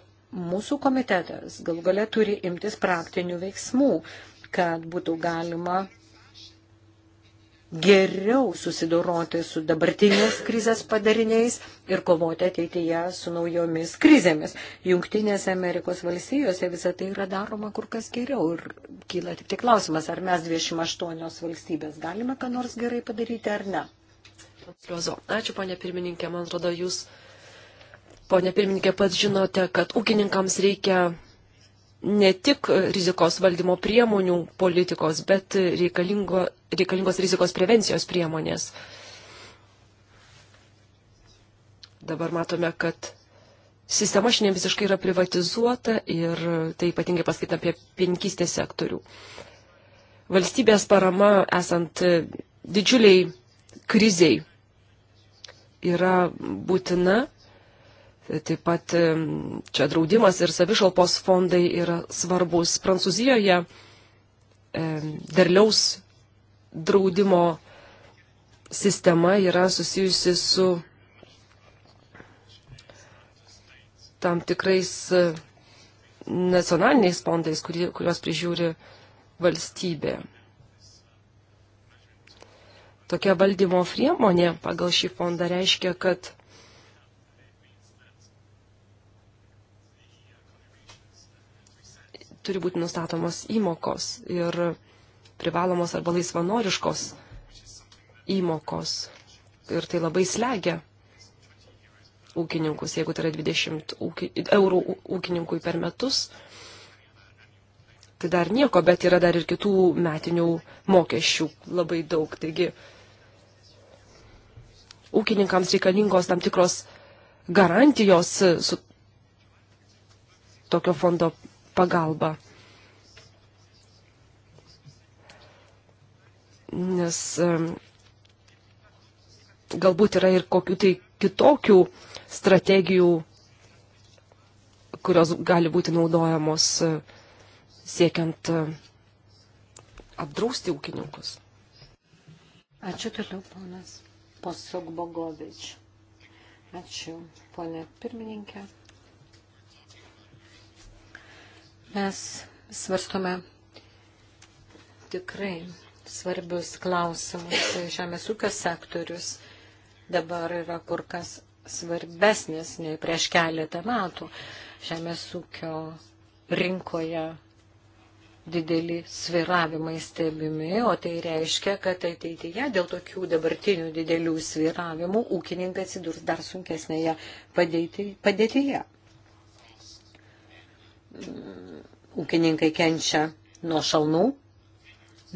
mūsų komitetas gal galia turi imtis praktinių veiksmų, kad būtų galima geriau susidoroti su dabartinės krizės padariniais ir kovoti ateityje su naujomis krizėmis. Junktinėse Amerikos valstijose visą tai yra daroma kur kas geriau ir kyla tik tai klausimas, ar mes 28 valstybės galime ką nors gerai padaryti ar ne. Ačiū, ponė pirmininkė, man atrodo, jūs, ponė pirmininkė, pats žinote, kad ūkininkams reikia ne tik rizikos valdymo priemonių politikos, bet reikalingo reikalingos rizikos prevencijos priemonės. Dabar matome, kad sistema šiandien visiškai yra privatizuota ir tai ypatingai paskaita apie pinkystės sektorių. Valstybės parama esant didžiuliai kriziai yra būtina. Taip pat čia draudimas ir savišalpos fondai yra svarbus. Prancūzijoje derliaus draudimo sistema yra susijusi su tam tikrais e, nacionaliniais fondais, kuriuos prižiūri valstybė. Tokia valdymo priemonė pagal šį fondą reiškia, kad turi būti nustatomos įmokos ir privalomos arba laisvanoriškos įmokos. Ir tai labai slegia ūkininkus, jeigu tai yra 20 ūki, eurų ūkininkui per metus. Tai dar nieko, bet yra dar ir kitų metinių mokesčių labai daug. Taigi ūkininkams reikalingos tam tikros garantijos su tokio fondo pagalba. nes e, galbūt yra ir kokių tai kitokių strategijų, kurios gali būti naudojamos e, siekiant e, apdrausti ūkininkus. Ačiū toliau, ponas Posok Bogovič. Ačiū, ponė pirmininkė. Mes svarstome tikrai svarbius klausimus. Žemės ūkio sektorius dabar yra kur kas svarbesnis nei prieš keletą metų. Žemės ūkio rinkoje dideli sviravimai stebimi, o tai reiškia, kad ateityje dėl tokių dabartinių didelių sviravimų ūkininkai atsidurs dar sunkesnėje padėtyje. Mm, ūkininkai kenčia nuo šalnų,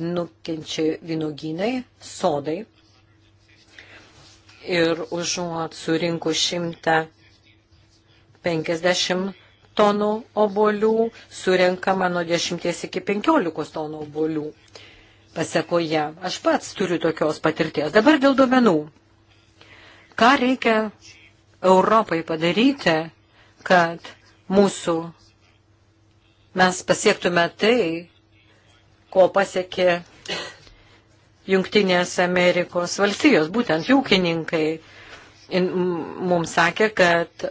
nukenčia vynoginai, sodai. Ir užuot surinkus 150 tonų obolių, surinkama nuo 10 iki 15 tonų obolių. Pasekoje, aš pats turiu tokios patirties. Dabar dėl duomenų. Ką reikia Europai padaryti, kad mūsų mes pasiektume tai, ko pasiekė Junktinės Amerikos valstijos. Būtent jų ūkininkai mums sakė, kad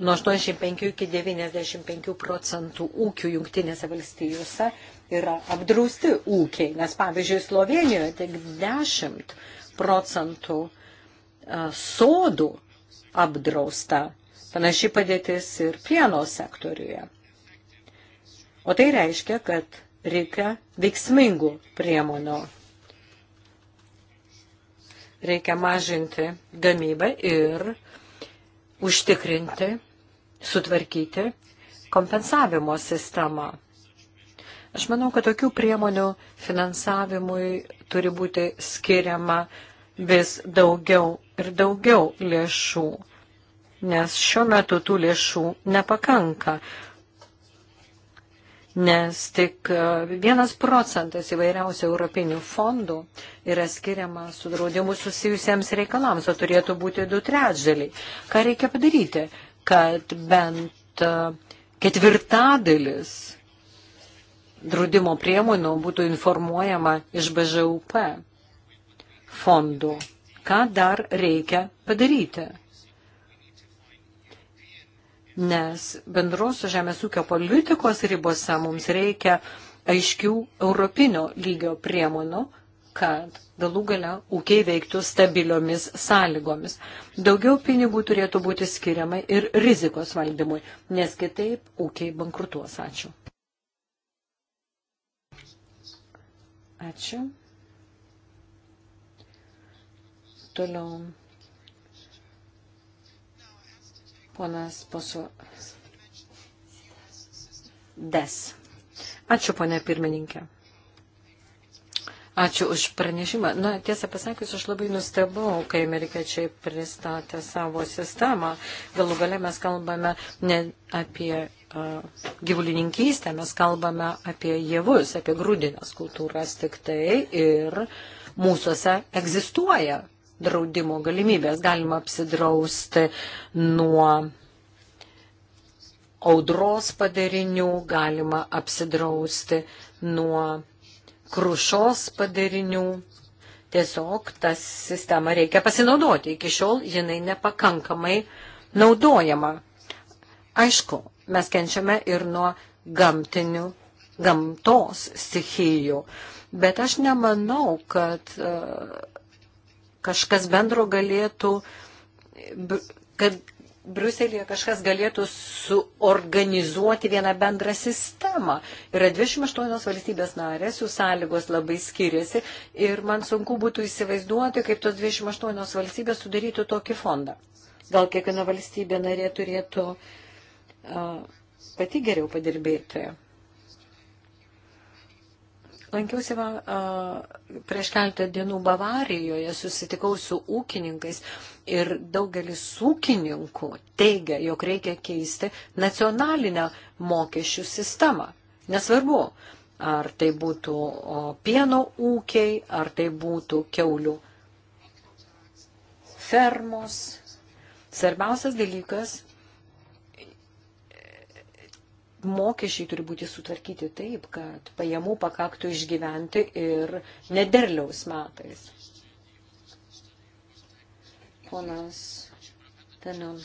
nuo 85 iki 95 procentų ūkių Junktinėse valstijose yra apdrausti ūkiai, nes pavyzdžiui, Slovenijoje tik 10 procentų e, sodų apdrausta. Panaši padėtis ir pieno sektoriuje. O tai reiškia, kad Reikia veiksmingų priemonių. Reikia mažinti gamybą ir užtikrinti, sutvarkyti kompensavimo sistemą. Aš manau, kad tokių priemonių finansavimui turi būti skiriama vis daugiau ir daugiau lėšų, nes šiuo metu tų lėšų nepakanka nes tik e, vienas procentas įvairiausių europinių fondų yra skiriama su draudimu susijusiems reikalams, o turėtų būti du trečdaliai. Ką reikia padaryti, kad bent e, ketvirtadalis draudimo priemonių būtų informuojama iš BŽUP fondų. Ką dar reikia padaryti? nes bendros žemės ūkio politikos ribose mums reikia aiškių europinio lygio priemonų, kad galų gale ūkiai veiktų stabiliomis sąlygomis. Daugiau pinigų turėtų būti skiriama ir rizikos valdymui, nes kitaip ūkiai bankrutuos. Ačiū. Ačiū. Toliau. Ponas Posulas. Des. Ačiū, ponė pirmininkė. Ačiū už pranešimą. Na, tiesą pasakius, aš labai nustebau, kai amerikiečiai pristatė savo sistemą. Galų gale mes kalbame ne apie uh, gyvulininkystę, mes kalbame apie javus, apie grūdinės kultūras tik tai ir mūsųse egzistuoja draudimo galimybės. Galima apsidrausti nuo audros padarinių, galima apsidrausti nuo krušos padarinių. Tiesiog tas sistema reikia pasinaudoti. Iki šiol jinai nepakankamai naudojama. Aišku, mes kenčiame ir nuo gamtinių, gamtos stichijų. Bet aš nemanau, kad uh, kažkas bendro galėtų, kad Bruselėje kažkas galėtų suorganizuoti vieną bendrą sistemą. Yra 28 valstybės narės, jų sąlygos labai skiriasi ir man sunku būtų įsivaizduoti, kaip tos 28 valstybės sudarytų tokį fondą. Gal kiekviena valstybė narė turėtų uh, pati geriau padirbėti. Lankiausi va, a, prieš keletą dienų Bavarijoje, susitikau su ūkininkais ir daugelis ūkininkų teigia, jog reikia keisti nacionalinę mokesčių sistemą. Nesvarbu, ar tai būtų pieno ūkiai, ar tai būtų keulių fermos. Svarbiausias dalykas mokesčiai turi būti sutvarkyti taip, kad pajamų pakaktų išgyventi ir nederliaus metais. Ponas Tenon.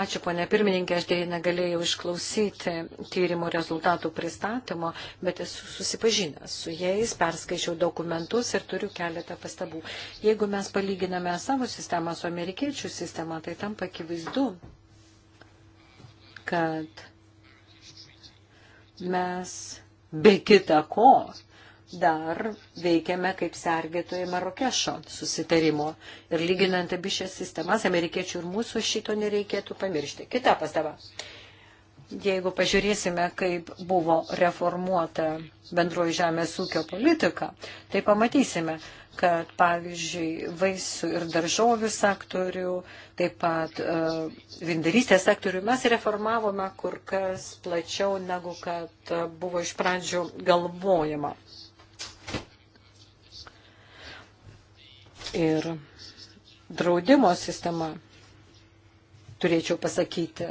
Ačiū, ponė pirmininkė, aš dėja negalėjau išklausyti tyrimo rezultatų pristatymo, bet esu susipažinęs su jais, perskaičiau dokumentus ir turiu keletą pastabų. Jeigu mes palyginame savo sistemą su amerikiečių sistema, tai tampa akivaizdu, kad mes be kita ko dar veikiame kaip sergėtojai Marokešo susitarimo. Ir lyginant abi šias sistemas, amerikiečių ir mūsų šito nereikėtų pamiršti. Kita pastaba. Jeigu pažiūrėsime, kaip buvo reformuota bendroji žemės ūkio politika, tai pamatysime, kad pavyzdžiui vaisių ir daržovių sektorių, taip pat uh, vindarystės sektorių mes reformavome kur kas plačiau negu kad uh, buvo iš pradžių galvojama. Ir draudimo sistema, turėčiau pasakyti,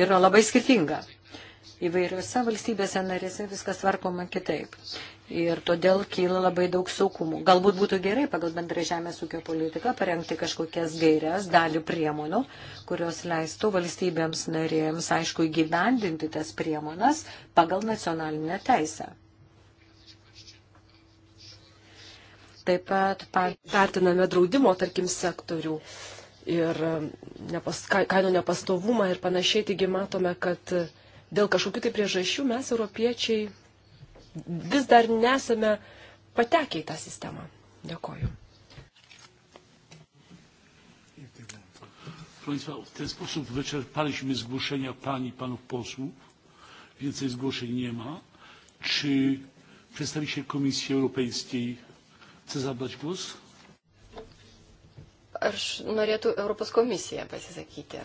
yra labai skirtinga. Įvairiose valstybėse narėse viskas tvarkoma kitaip. Ir todėl kyla labai daug saukumų. Galbūt būtų gerai pagal bendrą žemės ūkio politiką parengti kažkokias gairias, dalį priemonių, kurios leistų valstybėms narėms, aišku, įgyvendinti tas priemonas pagal nacionalinę teisę. Taip pat vertiname draudimo, tarkim, sektorių ir um, nepas, kainų nepastovumą ir panašiai. Taigi matome, kad dėl kažkokių tai priežasčių mes, europiečiai, vis dar nesame patekę į tą sistemą. Dėkoju. Państwa, w ten sposób wyczerpaliśmy zgłoszenia pań i panów posłów. Więcej zgłoszeń nie ma. Czy przedstawiciel Komisji Europejskiej chce zabrać głos? Aš norėtų Europos komisiją pasisakyti.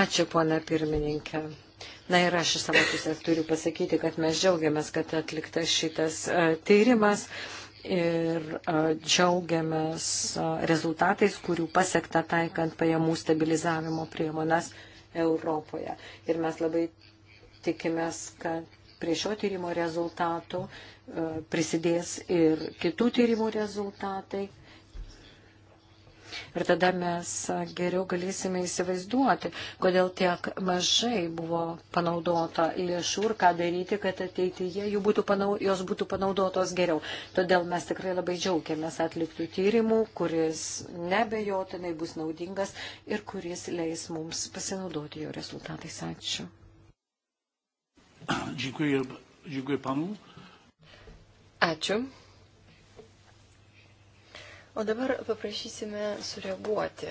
Ačiū, pona pirmininkė. Na ir aš iš savo pusės turiu pasakyti, kad mes džiaugiamės, kad atliktas šitas e, tyrimas ir e, džiaugiamės e, rezultatais, kurių pasiekta taikant pajamų stabilizavimo priemonas Europoje. Ir mes labai tikimės, kad prie šio tyrimo rezultatų prisidės ir kitų tyrimų rezultatai Ir tada mes geriau galėsime įsivaizduoti, kodėl tiek mažai buvo panaudota lėšų ir ką daryti, kad ateityje jų būtų panau, jos būtų panaudotos geriau. Todėl mes tikrai labai džiaugiamės atliktų tyrimų, kuris nebejotinai bus naudingas ir kuris leis mums pasinaudoti jo rezultatais. Ačiū. Dziękuję, dziękuję panu. Ačiū. O dabar paprašysime sureaguoti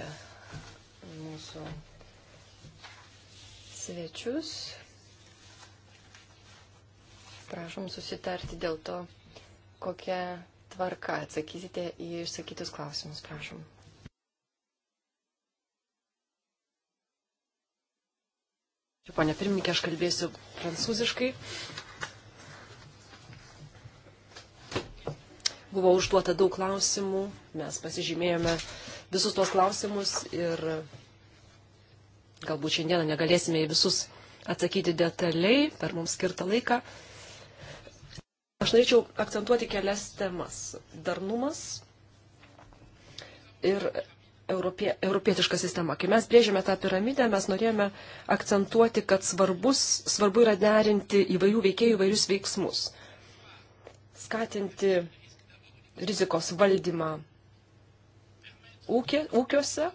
mūsų svečius. Prašom susitarti dėl to, kokią tvarką atsakysite į išsakytus klausimus. Prašom. Pane pirmininkė, aš kalbėsiu prancūziškai. Buvo užduota daug klausimų, mes pasižymėjome visus tuos klausimus ir galbūt šiandieną negalėsime į visus atsakyti detaliai per mums skirtą laiką. Aš norėčiau akcentuoti kelias temas. Darnumas ir europie, europietiška sistema. Kai mes brėžėme tą piramidę, mes norėjome akcentuoti, kad svarbus, svarbu yra derinti įvairių veikėjų įvairius veiksmus. Skatinti rizikos valdymą ūkė, ūkiuose.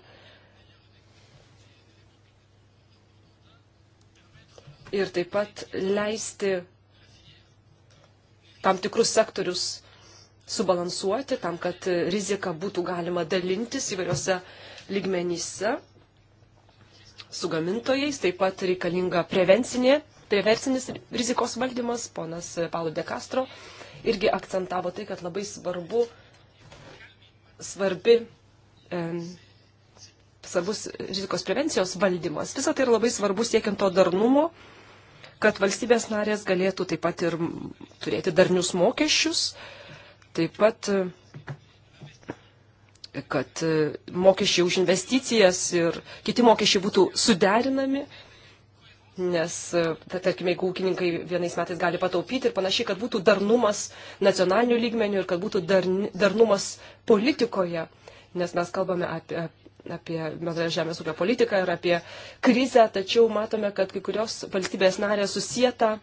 Ir taip pat leisti tam tikrus sektorius subalansuoti, tam, kad riziką būtų galima dalintis įvairiose lygmenyse su gamintojais. Taip pat reikalinga prevencinė, prevencinis rizikos valdymas, ponas Paulo De Castro irgi akcentavo tai, kad labai svarbu, svarbi, e, svarbus rizikos prevencijos valdymas. Visą tai yra labai svarbu siekiant to darnumo, kad valstybės narės galėtų taip pat ir turėti darnius mokesčius, taip pat kad mokesčiai už investicijas ir kiti mokesčiai būtų suderinami, nes, e, tarkime, jeigu ūkininkai vienais metais gali pataupyti ir panašiai, kad būtų darnumas nacionalinių lygmenių ir kad būtų darnumas politikoje, nes mes kalbame apie, apie bendrąją žemės ūkio politiką ir apie krizę, tačiau matome, kad kai kurios valstybės narės susieta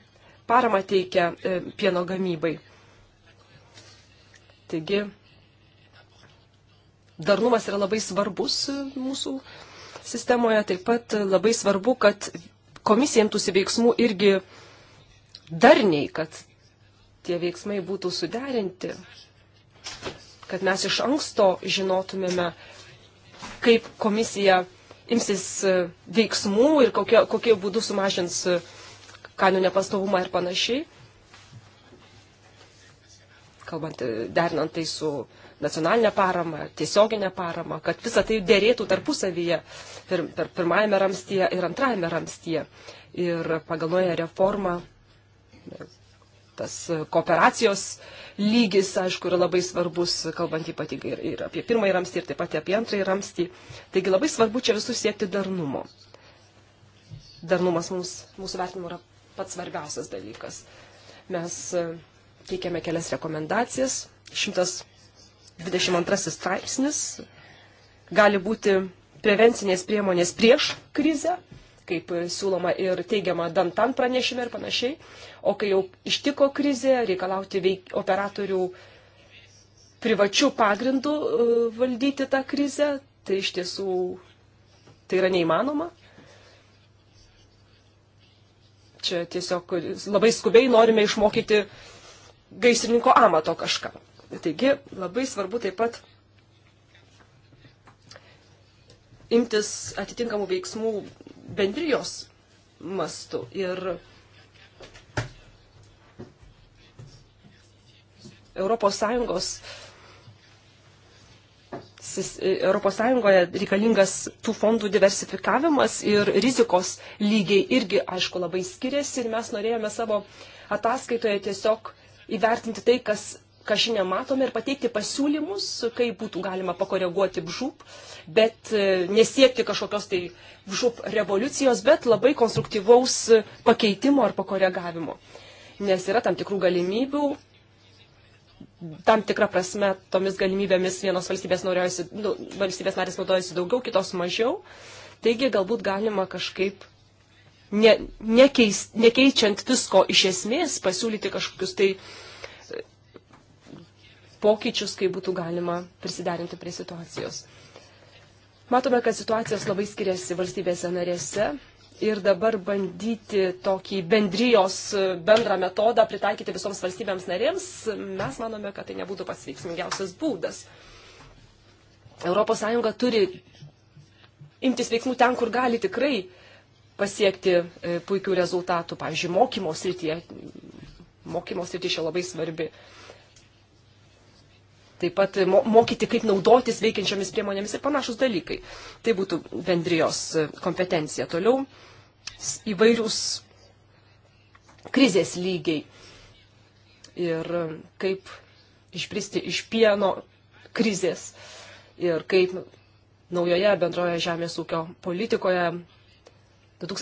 paramą teikia e, pieno gamybai. Taigi, darnumas yra labai svarbus e, mūsų sistemoje, taip pat labai svarbu, kad komisija imtųsi veiksmų irgi darniai, kad tie veiksmai būtų suderinti, kad mes iš anksto žinotumėme, kaip komisija imsis e, veiksmų ir kokie, kokie būdų sumažins e, kainų nepastovumą ir panašiai. Kalbant, e, derinant tai su uh, nacionalinę paramą, tiesioginę paramą, kad visa tai dėrėtų tarpusavyje per, per pirmajame ramstyje ir antrajame ramstyje. Ir pagal nuoją reformą tas kooperacijos lygis, aišku, yra labai svarbus, kalbant ypatingai ir, ir apie pirmąjį ramstį, ir taip pat apie antrąjį ramstį. Taigi labai svarbu čia visus siekti darnumo. Darnumas mums, mūsų vertinimu yra pats svarbiausias dalykas. Mes e, teikiame kelias rekomendacijas. Šimtas 22 straipsnis gali būti prevencinės priemonės prieš krizę, kaip siūloma ir teigiama Dantan pranešime ir panašiai, o kai jau ištiko krizė, reikalauti veik, operatorių privačių pagrindų e, valdyti tą krizę, tai iš tiesų tai yra neįmanoma. Čia tiesiog labai skubiai norime išmokyti gaisrininko amato kažką. Taigi labai svarbu taip pat imtis atitinkamų veiksmų bendrijos mastu. Ir Europos Sąjungos Europos Sąjungoje reikalingas tų fondų diversifikavimas ir rizikos lygiai irgi, aišku, labai skiriasi ir mes norėjome savo ataskaitoje tiesiog įvertinti tai, kas kažinę matome ir pateikti pasiūlymus, kaip būtų galima pakoreguoti bžūp, bet e, nesiekti kažkokios tai bžūp revoliucijos, bet labai konstruktyvaus pakeitimo ar pakoregavimo. Nes yra tam tikrų galimybių, tam tikrą prasme tomis galimybėmis vienos valstybės, norėjusi, nu, valstybės narės naudojasi daugiau, kitos mažiau. Taigi galbūt galima kažkaip ne, nekeis, nekeičiant visko iš esmės pasiūlyti kažkokius tai uh, pokyčius, kaip būtų galima prisiderinti prie situacijos. Matome, kad situacijos labai skiriasi valstybėse narėse ir dabar bandyti tokį bendrijos e, bendrą metodą pritaikyti visoms valstybėms narėms, mes manome, kad tai nebūtų pats veiksmingiausias būdas. ES turi imtis veiksmų ten, kur gali tikrai pasiekti e, puikių rezultatų, pavyzdžiui, mokymo srityje. Mokymo srityje labai svarbi. Uh, taip pat mokyti, kaip naudotis veikiančiomis priemonėmis ir panašus dalykai. Tai būtų bendrijos e, kompetencija. Toliau įvairius krizės lygiai ir e, kaip išpristi iš pieno krizės ir kaip naujoje bendroje žemės ūkio politikoje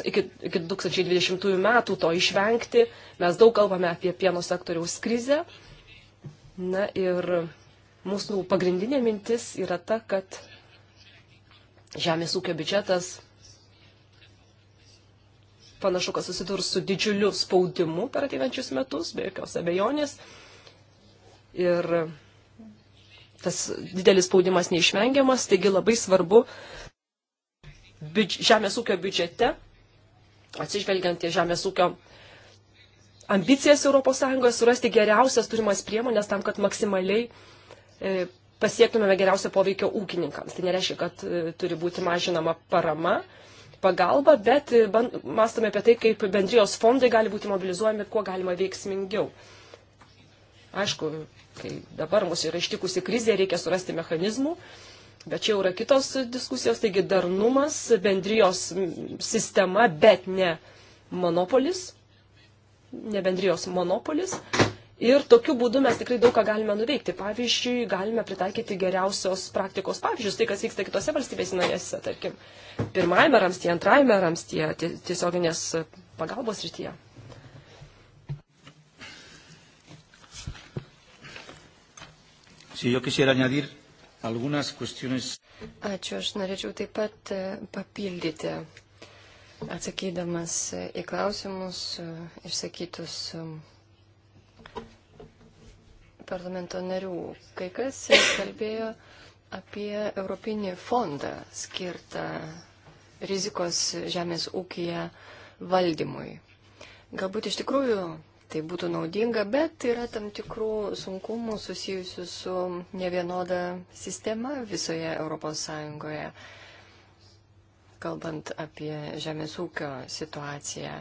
iki 2020 metų to išvengti. Mes daug kalbame apie pieno sektoriaus krizę. Na ir Mūsų pagrindinė mintis yra ta, kad žemės ūkio biudžetas panašu, kad susidurs su didžiuliu spaudimu per ateinančius metus, be jokios abejonės. Ir tas didelis spaudimas neišvengiamas, taigi labai svarbu biudž žemės ūkio biudžete, atsižvelgiant į žemės ūkio ambicijas ES, surasti geriausias turimas priemonės tam, kad maksimaliai E, pasiektumėme geriausio poveikio ūkininkams. Tai nereiškia, kad e, turi būti mažinama parama, pagalba, bet e, mąstome apie tai, kaip bendrijos fondai gali būti mobilizuojami, kuo galima veiksmingiau. Aišku, kai dabar mūsų yra ištikusi krizė, reikia surasti mechanizmų, bet čia jau yra kitos diskusijos, taigi darnumas, bendrijos sistema, bet ne monopolis, ne bendrijos monopolis, Ir tokiu būdu mes tikrai daug ką galime nuveikti. Pavyzdžiui, galime pritaikyti geriausios praktikos pavyzdžius, tai kas vyksta kitose valstybės narėse, tarkim, pirmajame ramstyje, antrajame ramstyje, tiesioginės pagalbos rytyje. Si yo quisiera añadir algunas cuestiones. Ačiū, aš norėčiau taip pat e, papildyti, atsakydamas e, į klausimus e, išsakytus parlamento narių. Kai kas kalbėjo apie Europinį fondą skirtą rizikos žemės ūkija valdymui. Galbūt iš tikrųjų tai būtų naudinga, bet yra tam tikrų sunkumų susijusių su nevienoda sistema visoje ES. Kalbant apie žemės ūkio situaciją,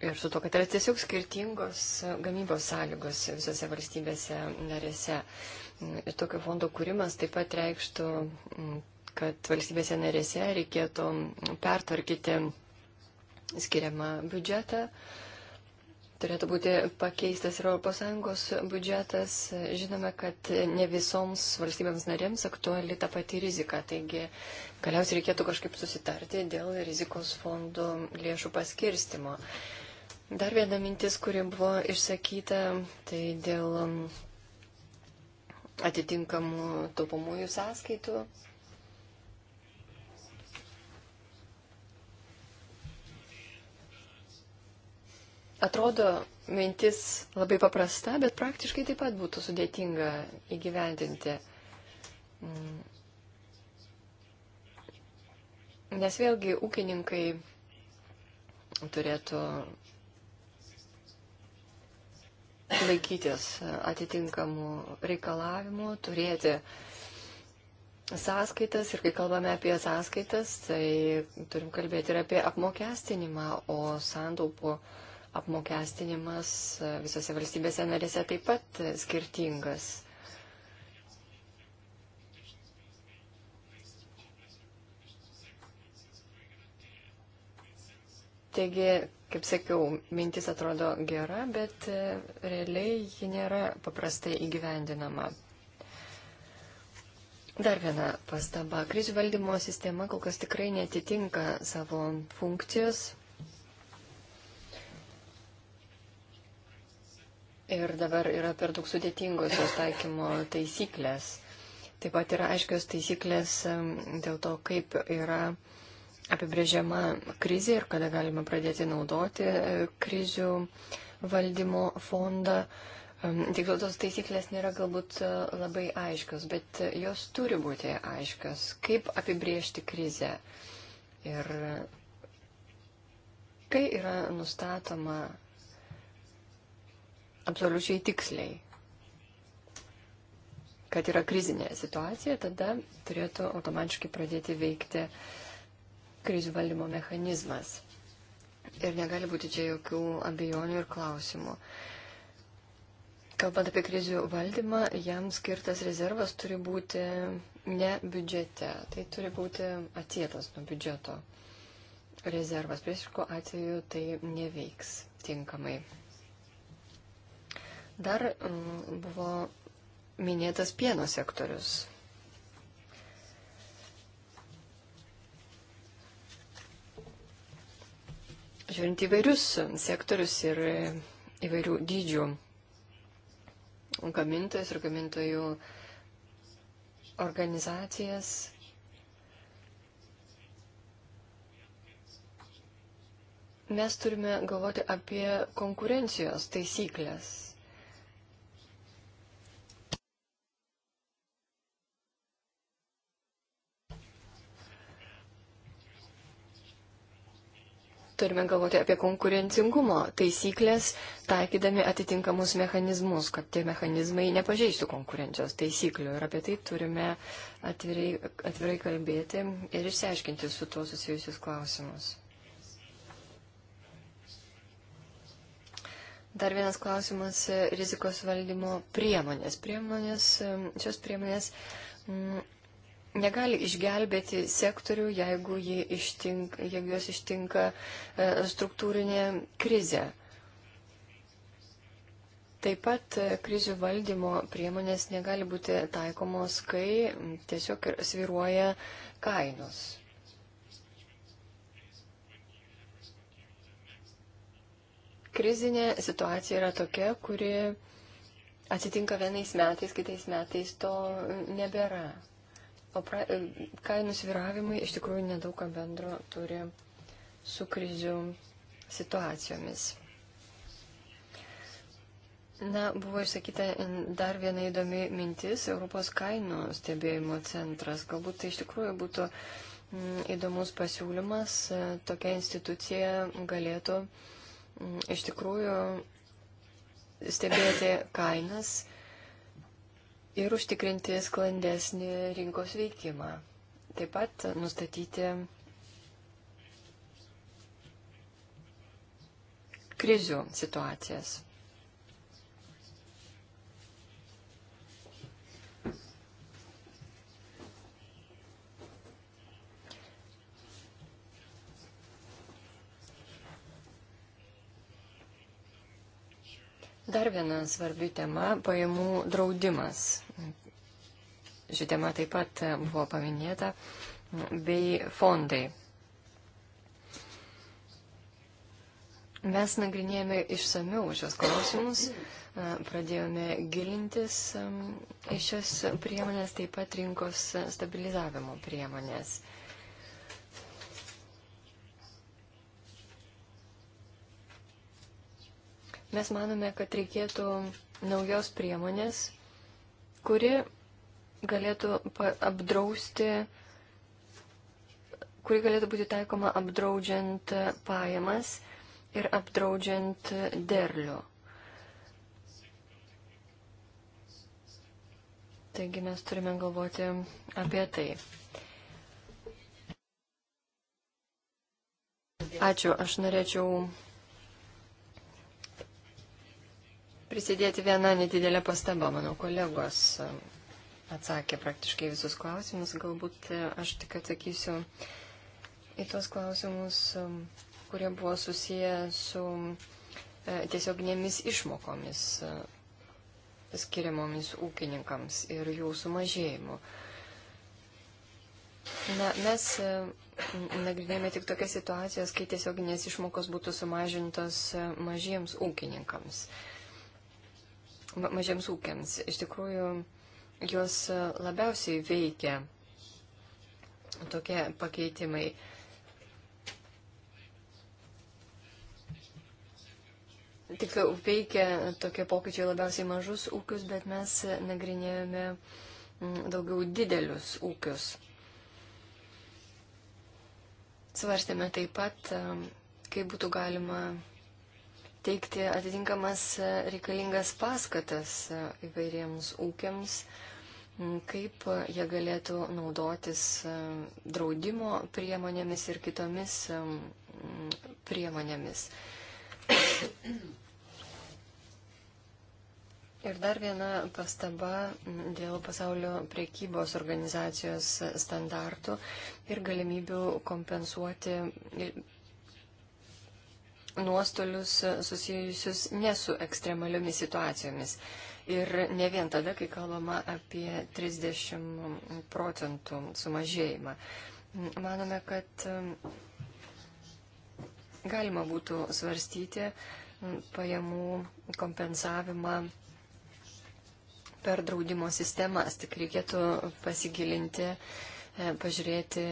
Ir su to, kad yra tiesiog skirtingos e, gamybos sąlygos visose valstybėse narėse. Mm, ir tokio fondo kūrimas taip pat reikštų, mm, kad valstybėse narėse reikėtų mm, pertvarkyti skiriamą biudžetą. Turėtų būti pakeistas ir ES biudžetas. Žinome, kad ne visoms valstybėms narėms aktuali ta pati rizika. Taigi galiausiai reikėtų kažkaip susitarti dėl rizikos fondų lėšų paskirstimo. Dar viena mintis, kuri buvo išsakyta, tai dėl um, atitinkamų taupomųjų sąskaitų. Atrodo, mintis labai paprasta, bet praktiškai taip pat būtų sudėtinga įgyvendinti. Mm. Nes vėlgi ūkininkai turėtų laikytis e, atitinkamų reikalavimų, turėti sąskaitas ir kai kalbame apie sąskaitas, tai turim kalbėti ir apie apmokestinimą, o santaupų apmokestinimas e, visose valstybėse narėse taip pat skirtingas. Taigi, Kaip sakiau, mintis atrodo gera, bet e, realiai ji nėra paprastai įgyvendinama. Dar viena pastaba. Krizių valdymo sistema kol kas tikrai netitinka savo funkcijos. Ir dabar yra per daug sudėtingos jos taikymo taisyklės. Taip pat yra aiškios taisyklės dėl to, kaip yra apibrėžiama krizė ir kada galima pradėti naudoti e, krizių valdymo fondą. Tik tos taisyklės nėra galbūt e, labai aiškios, bet e, jos turi būti aiškios. Kaip apibriežti krizę? Ir kai yra nustatoma absoliučiai tiksliai, kad yra krizinė situacija, tada turėtų automatiškai pradėti veikti uh, krizių valdymo mechanizmas. Ir negali būti čia jokių abejonių ir klausimų. Kalbant apie krizių valdymą, jam skirtas rezervas turi būti ne biudžete, tai turi būti atsietas nuo biudžeto rezervas. Priešiško atveju tai neveiks tinkamai. Dar mm, buvo minėtas pieno sektorius. žiūrint įvairius sektorius ir įvairių dydžių gamintojus ir gamintojų organizacijas. Mes turime galvoti apie konkurencijos taisyklės turime galvoti apie konkurencingumo taisyklės, taikydami atitinkamus mechanizmus, kad tie mechanizmai nepažeistų konkurencijos taisyklių. Ir apie tai turime atvirai, atvirai kalbėti ir išsiaiškinti su tuo susijusius klausimus. Dar vienas klausimas - rizikos valdymo priemonės. priemonės šios priemonės m, mm, negali išgelbėti sektorių, jeigu, ištinka, jeigu jos ištinka e, struktūrinė krizė. Taip pat e, krizių valdymo priemonės negali būti taikomos, kai tiesiog sviruoja kainos. Krizinė situacija yra tokia, kuri atsitinka vienais metais, kitais metais to nebėra pra, e, kainų sviravimai iš tikrųjų nedaug ką bendro turi su krizių situacijomis. Na, buvo išsakyta dar viena įdomi mintis - Europos kainų stebėjimo centras. Galbūt tai iš tikrųjų būtų įdomus pasiūlymas. E, tokia institucija galėtų iš tikrųjų stebėti kainas ir užtikrinti sklandesnį rinkos veikimą. Taip pat nustatyti krizių situacijas. Dar viena svarbi tema - pajamų draudimas ši tema taip pat e, buvo paminėta, bei fondai. Mes nagrinėjame išsamiau šios klausimus, e, pradėjome gilintis e, į šias priemonės, taip pat rinkos stabilizavimo priemonės. Mes manome, kad reikėtų naujos priemonės, kuri galėtų apdrausti, kuri galėtų būti taikoma apdraudžiant pajamas ir apdraudžiant derlių. Taigi mes turime galvoti apie tai. Ačiū, aš norėčiau prisidėti vieną nedidelę pastabą, mano kolegos atsakė praktiškai visus klausimus. Galbūt e, aš tik atsakysiu į tos klausimus, e, kurie buvo susiję su e, tiesioginėmis išmokomis skiriamomis ūkininkams ir jų sumažėjimu. Na, mes nagrinėjame tik tokias situacijas, kai tiesioginės išmokos būtų sumažintos mažiems ūkininkams, mažiems ūkiams. Iš tikrųjų, juos labiausiai veikia tokie pakeitimai. Tiksliau, veikia tokie pokyčiai labiausiai mažus ūkius, bet mes nagrinėjome mm, daugiau didelius ūkius. Svarstėme taip pat, mm, kaip būtų galima teikti atitinkamas reikalingas paskatas mm, įvairiems ūkiams, Mm, kaip e, jie galėtų naudotis e, draudimo priemonėmis ir kitomis e, priemonėmis. Ir dar viena pastaba mm, dėl pasaulio priekybos organizacijos standartų ir galimybių kompensuoti nuostolius susijusius ne su ekstremaliomis situacijomis. Ir ne vien tada, kai kalbama apie 30 procentų sumažėjimą. Manome, kad um, galima būtų svarstyti um, pajamų kompensavimą per draudimo sistemas, tik reikėtų pasigilinti E, pažiūrėti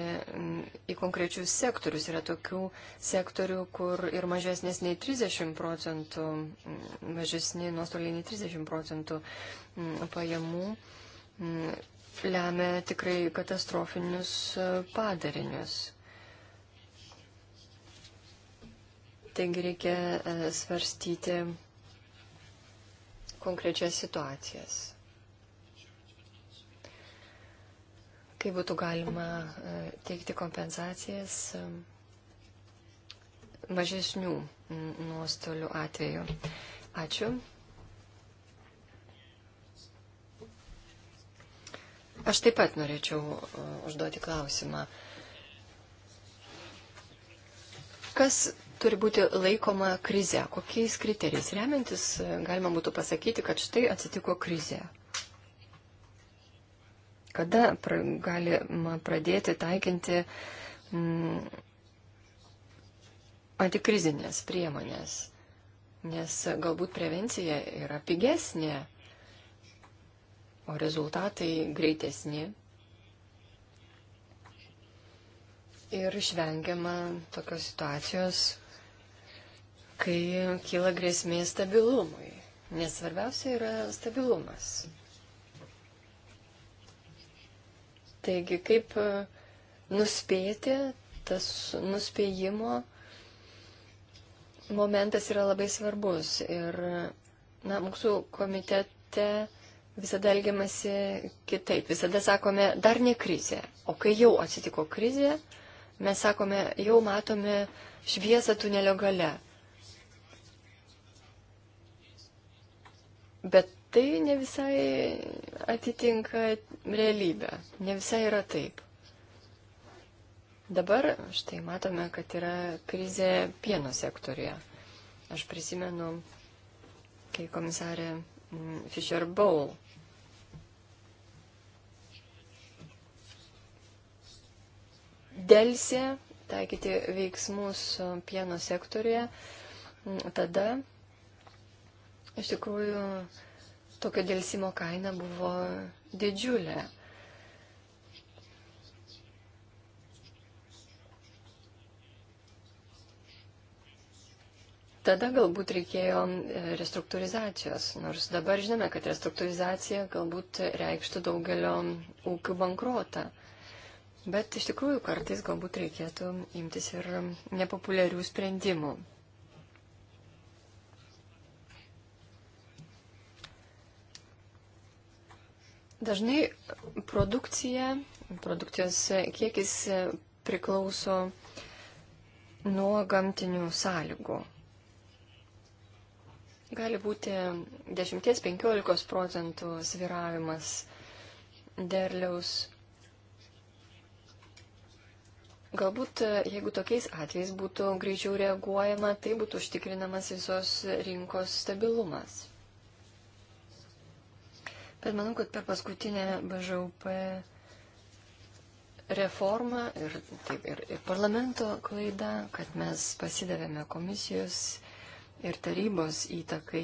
į konkrečius sektorius. Yra tokių sektorių, kur ir mažesnės nei 30 procentų, mažesni nuostoliai nei 30 procentų pajamų lemia tikrai katastrofinius e, padarinius. Taigi reikia e, svarstyti konkrečias situacijas. kai būtų galima e, teikti kompensacijas e, mažesnių nuostolių atveju. Ačiū. Aš taip pat norėčiau e, užduoti klausimą. Kas turi būti laikoma krize? Kokiais kriterijais remiantis galima būtų pasakyti, kad štai atsitiko krize? kada pra, galima pradėti taikinti m, mm, antikrizinės priemonės, nes galbūt prevencija yra pigesnė, o rezultatai greitesni. Ir išvengiama tokios situacijos, kai kyla grėsmė stabilumui. Nes svarbiausia yra stabilumas. Taigi, kaip e, nuspėti, tas nuspėjimo momentas yra labai svarbus. Ir, na, mūsų komitete visada elgiamasi kitaip. Visada sakome, dar ne krizė. O kai jau atsitiko krizė, mes sakome, jau matome šviesą tunelio gale. Bet tai ne visai atitinka realybę, ne visai yra taip. Dabar štai matome, kad yra krizė pieno sektorija. Aš prisimenu, kai komisarė mm, Fisher Bowl dėlsė taikyti veiksmus pieno sektorėje, mm, tada iš tikrųjų tokio dėlsimo kaina buvo didžiulė. Tada galbūt reikėjo e, restruktūrizacijos, nors dabar žinome, kad restruktūrizacija galbūt reikštų daugelio ūkių bankrotą. Bet iš tikrųjų kartais galbūt reikėtų imtis ir nepopuliarių sprendimų. Dažnai produkcija, produkcijos kiekis priklauso nuo gamtinių sąlygų. Gali būti 10-15 procentų sviravimas derliaus. Galbūt, jeigu tokiais atvejais būtų greičiau reaguojama, tai būtų užtikrinamas visos rinkos stabilumas. Bet manau, kad per paskutinę BŽUP reformą ir, taip, ir, ir parlamento klaida, kad mes pasidavėme komisijos ir tarybos įtakai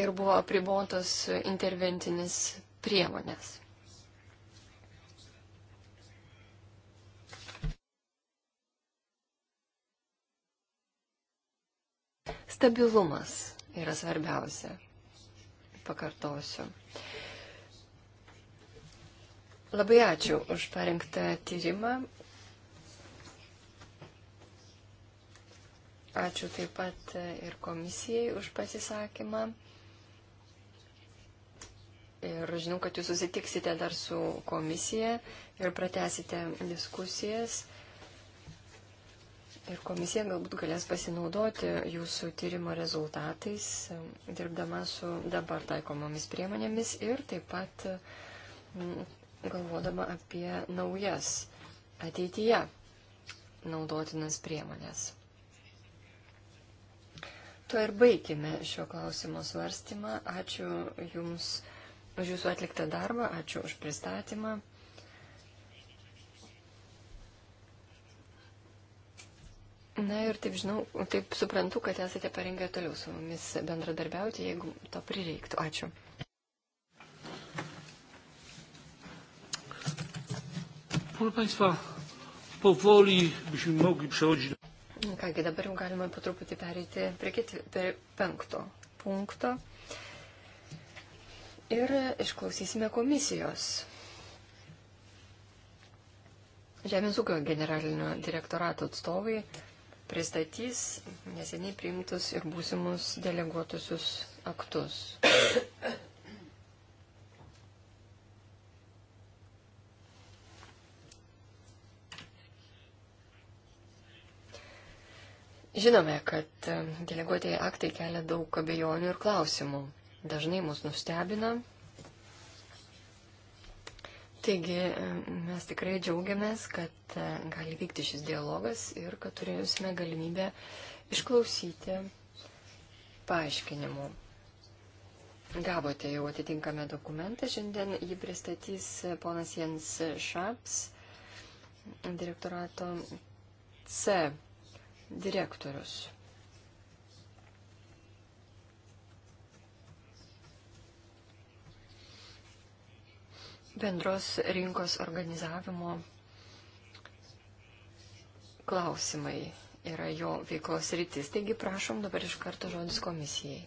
ir buvo apribotos interventinės priemonės. Stabilumas yra svarbiausia, pakartosiu. Labai ačiū už parengtą tyrimą. Ačiū taip pat ir komisijai už pasisakymą. Ir žinau, kad jūs susitiksite dar su komisija ir pratesite diskusijas. Ir komisija galbūt galės pasinaudoti jūsų tyrimo rezultatais, e, dirbdama su dabar taikomomis priemonėmis ir taip pat galvodama apie naujas ateityje naudotinas priemonės. Tuo ir baigime šio klausimo svarstymą. Ačiū Jums už Jūsų atliktą darbą, ačiū už pristatymą. Na ir taip žinau, taip suprantu, kad esate parengę toliau su mumis bendradarbiauti, jeigu to prireiktų. Ačiū. Proszę Państwa, powoli byśmy mogli przechodzić do... Kągi, dabar jau galima po truputį pereiti prie, ketvi, prie penkto punkto ir išklausysime komisijos. Žemės ūkio generalinio direktorato atstovai pristatys neseniai priimtus ir būsimus deleguotusius aktus. Žinome, kad deleguotieji aktai kelia daug abejonių ir klausimų dažnai mus nustebina. Taigi e, mes tikrai džiaugiamės, kad e, gali vykti šis dialogas ir kad turėjusime galimybę išklausyti paaiškinimų. Gavote jau atitinkamą dokumentą, šiandien jį pristatys e, ponas Jens Šaps, direktorato C direktorius. bendros rinkos organizavimo klausimai yra jo veiklos rytis. Taigi prašom dabar iš karto žodis komisijai.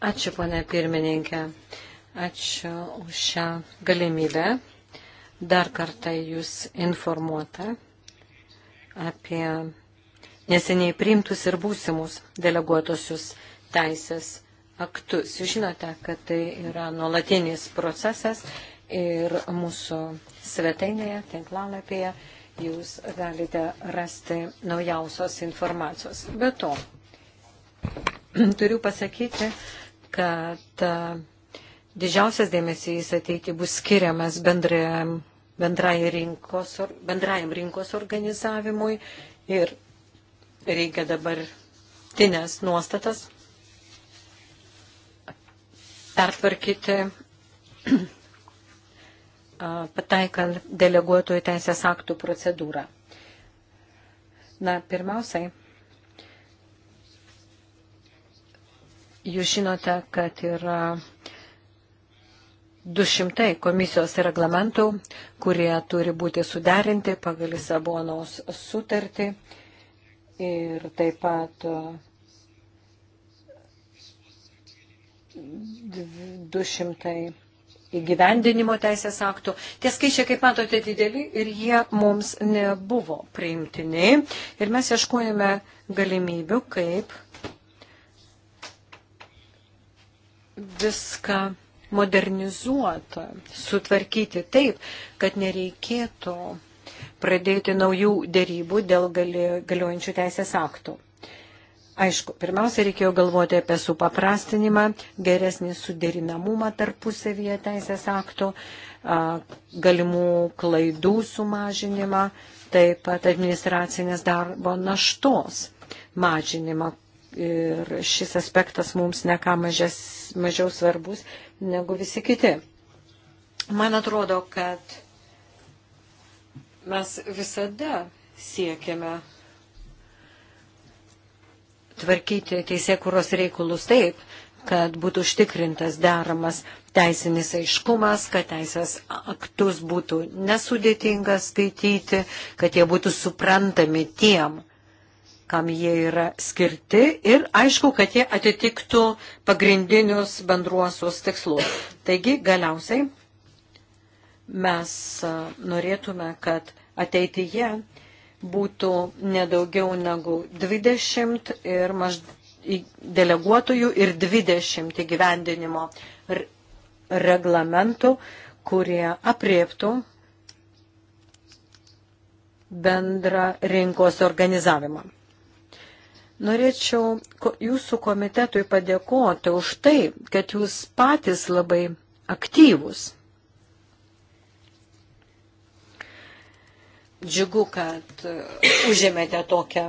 Ačiū, ponė pirmininkė. Ačiū už šią galimybę. Dar kartą jūs informuota apie neseniai priimtus ir būsimus deleguotosius teisės aktus. Jūs žinote, kad tai yra nuolatinis procesas ir mūsų svetainėje, tinklalapyje jūs galite rasti naujausios informacijos. Be to, turiu pasakyti, kad e, didžiausias dėmesys ateiti bus skiriamas bendrajam, bendrajam, rinkos, bendrajam rinkos organizavimui ir reikia dabar tinės nuostatas pertvarkyti, pataikant deleguotojų teisės aktų procedūrą. Na, pirmiausiai, jūs žinote, kad yra 200 komisijos reglamentų, kurie turi būti suderinti pagal Lisabonos sutartį ir taip pat 200 uh, įgyvendinimo teisės aktų. Tie skaičiai, kaip matote, dideli ir jie mums nebuvo priimtini. Ir mes ieškojame galimybių, kaip viską modernizuoti, sutvarkyti taip, kad nereikėtų pradėti naujų dėrybų dėl galiojančių teisės aktų. Aišku, pirmiausia, reikėjo galvoti apie supaprastinimą, geresnį suderinamumą tarpusavyje teisės akto, galimų klaidų sumažinimą, taip pat administracinės darbo naštos mažinimą. Ir šis aspektas mums neką mažes, mažiau svarbus negu visi kiti. Man atrodo, kad mes visada siekiame tvarkyti teisėkuros reikalus taip, kad būtų užtikrintas deramas teisinis aiškumas, kad teisės aktus būtų nesudėtinga skaityti, kad jie būtų suprantami tiem, kam jie yra skirti ir aišku, kad jie atitiktų pagrindinius bendruosius tikslus. Taigi, galiausiai Mes norėtume, kad ateityje būtų nedaugiau negu 20 ir maždaug deleguotojų ir 20 įgyvendinimo reglamentų, kurie apriektų bendrą rinkos organizavimą. Norėčiau jūsų komitetui padėkoti už tai, kad jūs patys labai aktyvus Džiugu, kad e, užėmėte tokią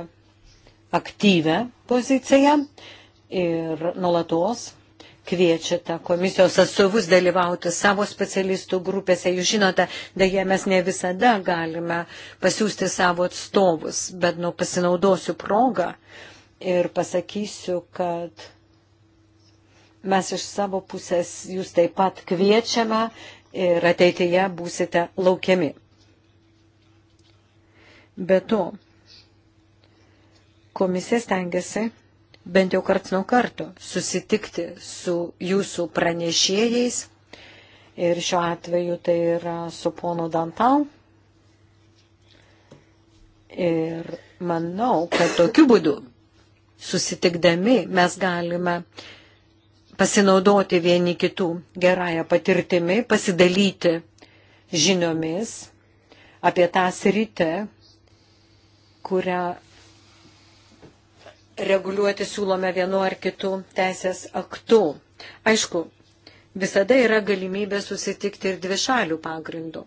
aktyvę poziciją ir nuolatos kviečiate komisijos atstovus dalyvauti savo specialistų grupėse. Jūs žinote, dėje mes ne visada galime pasiūsti savo atstovus, bet nu pasinaudosiu progą ir pasakysiu, kad mes iš savo pusės jūs taip pat kviečiame ir ateityje būsite laukiami. Be to, komisija stengiasi bent jau karts nuo karto susitikti su jūsų pranešėjais ir šiuo atveju tai yra su ponu Dantal. Ir manau, kad tokiu būdu susitikdami mes galime pasinaudoti vieni kitų gerąją patirtimį, pasidalyti žiniomis apie tą sritę, kurią reguliuoti siūlome vienu ar kitu teisės aktu. Aišku, visada yra galimybė susitikti ir dvišalių pagrindų,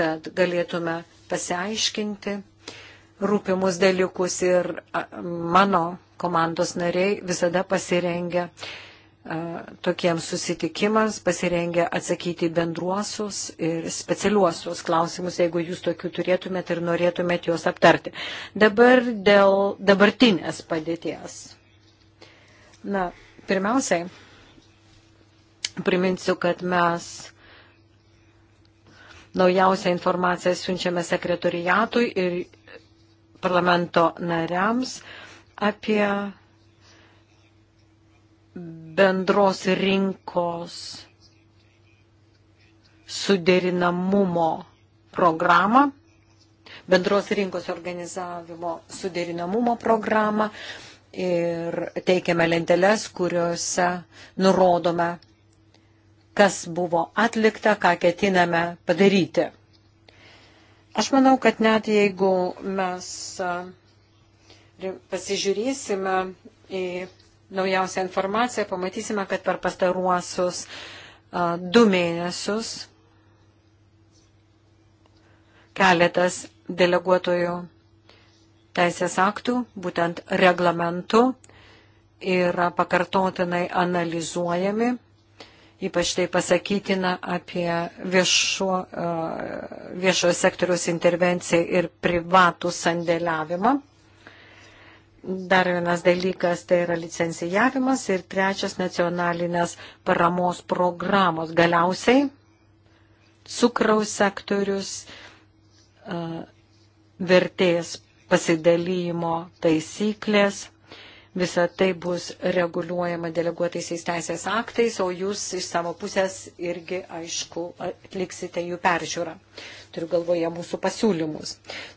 kad galėtume pasiaiškinti rūpimus dalykus ir mano komandos nariai visada pasirengia uh, tokiems susitikimams, pasirengę atsakyti bendruosius ir specialiuosius klausimus, jeigu jūs tokių turėtumėt ir norėtumėt juos aptarti. Dabar dėl dabartinės padėties. Na, pirmiausiai, priminsiu, kad mes naujausią informaciją siunčiame sekretoriatui ir parlamento nariams apie bendros rinkos suderinamumo programą, bendros rinkos organizavimo suderinamumo programą ir teikiame lenteles, kuriuose nurodome, kas buvo atlikta, ką ketiname padaryti. Aš manau, kad net jeigu mes e, pasižiūrėsime į naujausią informaciją, pamatysime, kad per pastaruosius uh, du mėnesius keletas deleguotojų teisės aktų, būtent reglamentų, yra pakartotinai analizuojami. Ypač tai pasakytina apie viešo, viešojo sektoriaus intervenciją ir privatų sandėliavimą. Dar vienas dalykas tai yra licencijavimas ir trečias nacionalinės paramos programos. Galiausiai cukraus sektorius vertės pasidalymo taisyklės visa tai bus reguliuojama deleguotaisiais teisės aktais, o jūs iš savo pusės irgi, aišku, atliksite jų peržiūrą. Turiu galvoje mūsų pasiūlymus.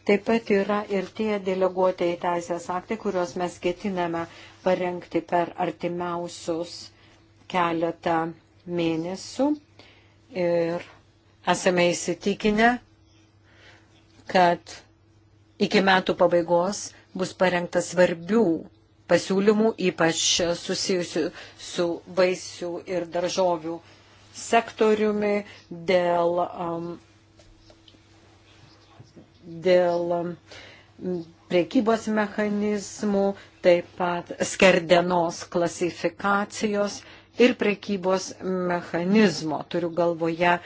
Taip pat yra ir tie deleguotieji teisės aktai, kuriuos mes ketiname parengti per artimiausius keletą mėnesių. Ir esame įsitikinę, kad iki metų pabaigos bus parengta svarbių pasiūlymų, ypač susijusių su vaisių ir daržovių sektoriumi, dėl, dėl priekybos mechanizmų, taip pat skerdenos klasifikacijos ir priekybos mechanizmo. Turiu galvoje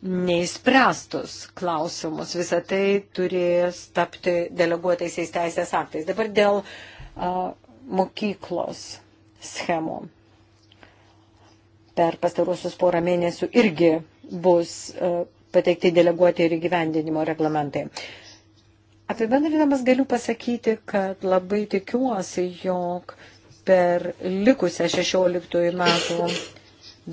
neįspręstus klausimus. Visą tai turės tapti deleguotaisiais teisės aktais. Dabar dėl uh, mokyklos schemų. Per pastarusius porą mėnesių irgi bus e, pateikti deleguoti ir įgyvendinimo reglamentai. Apibendrinamas galiu pasakyti, kad labai tikiuosi, jog per likusią 16 metų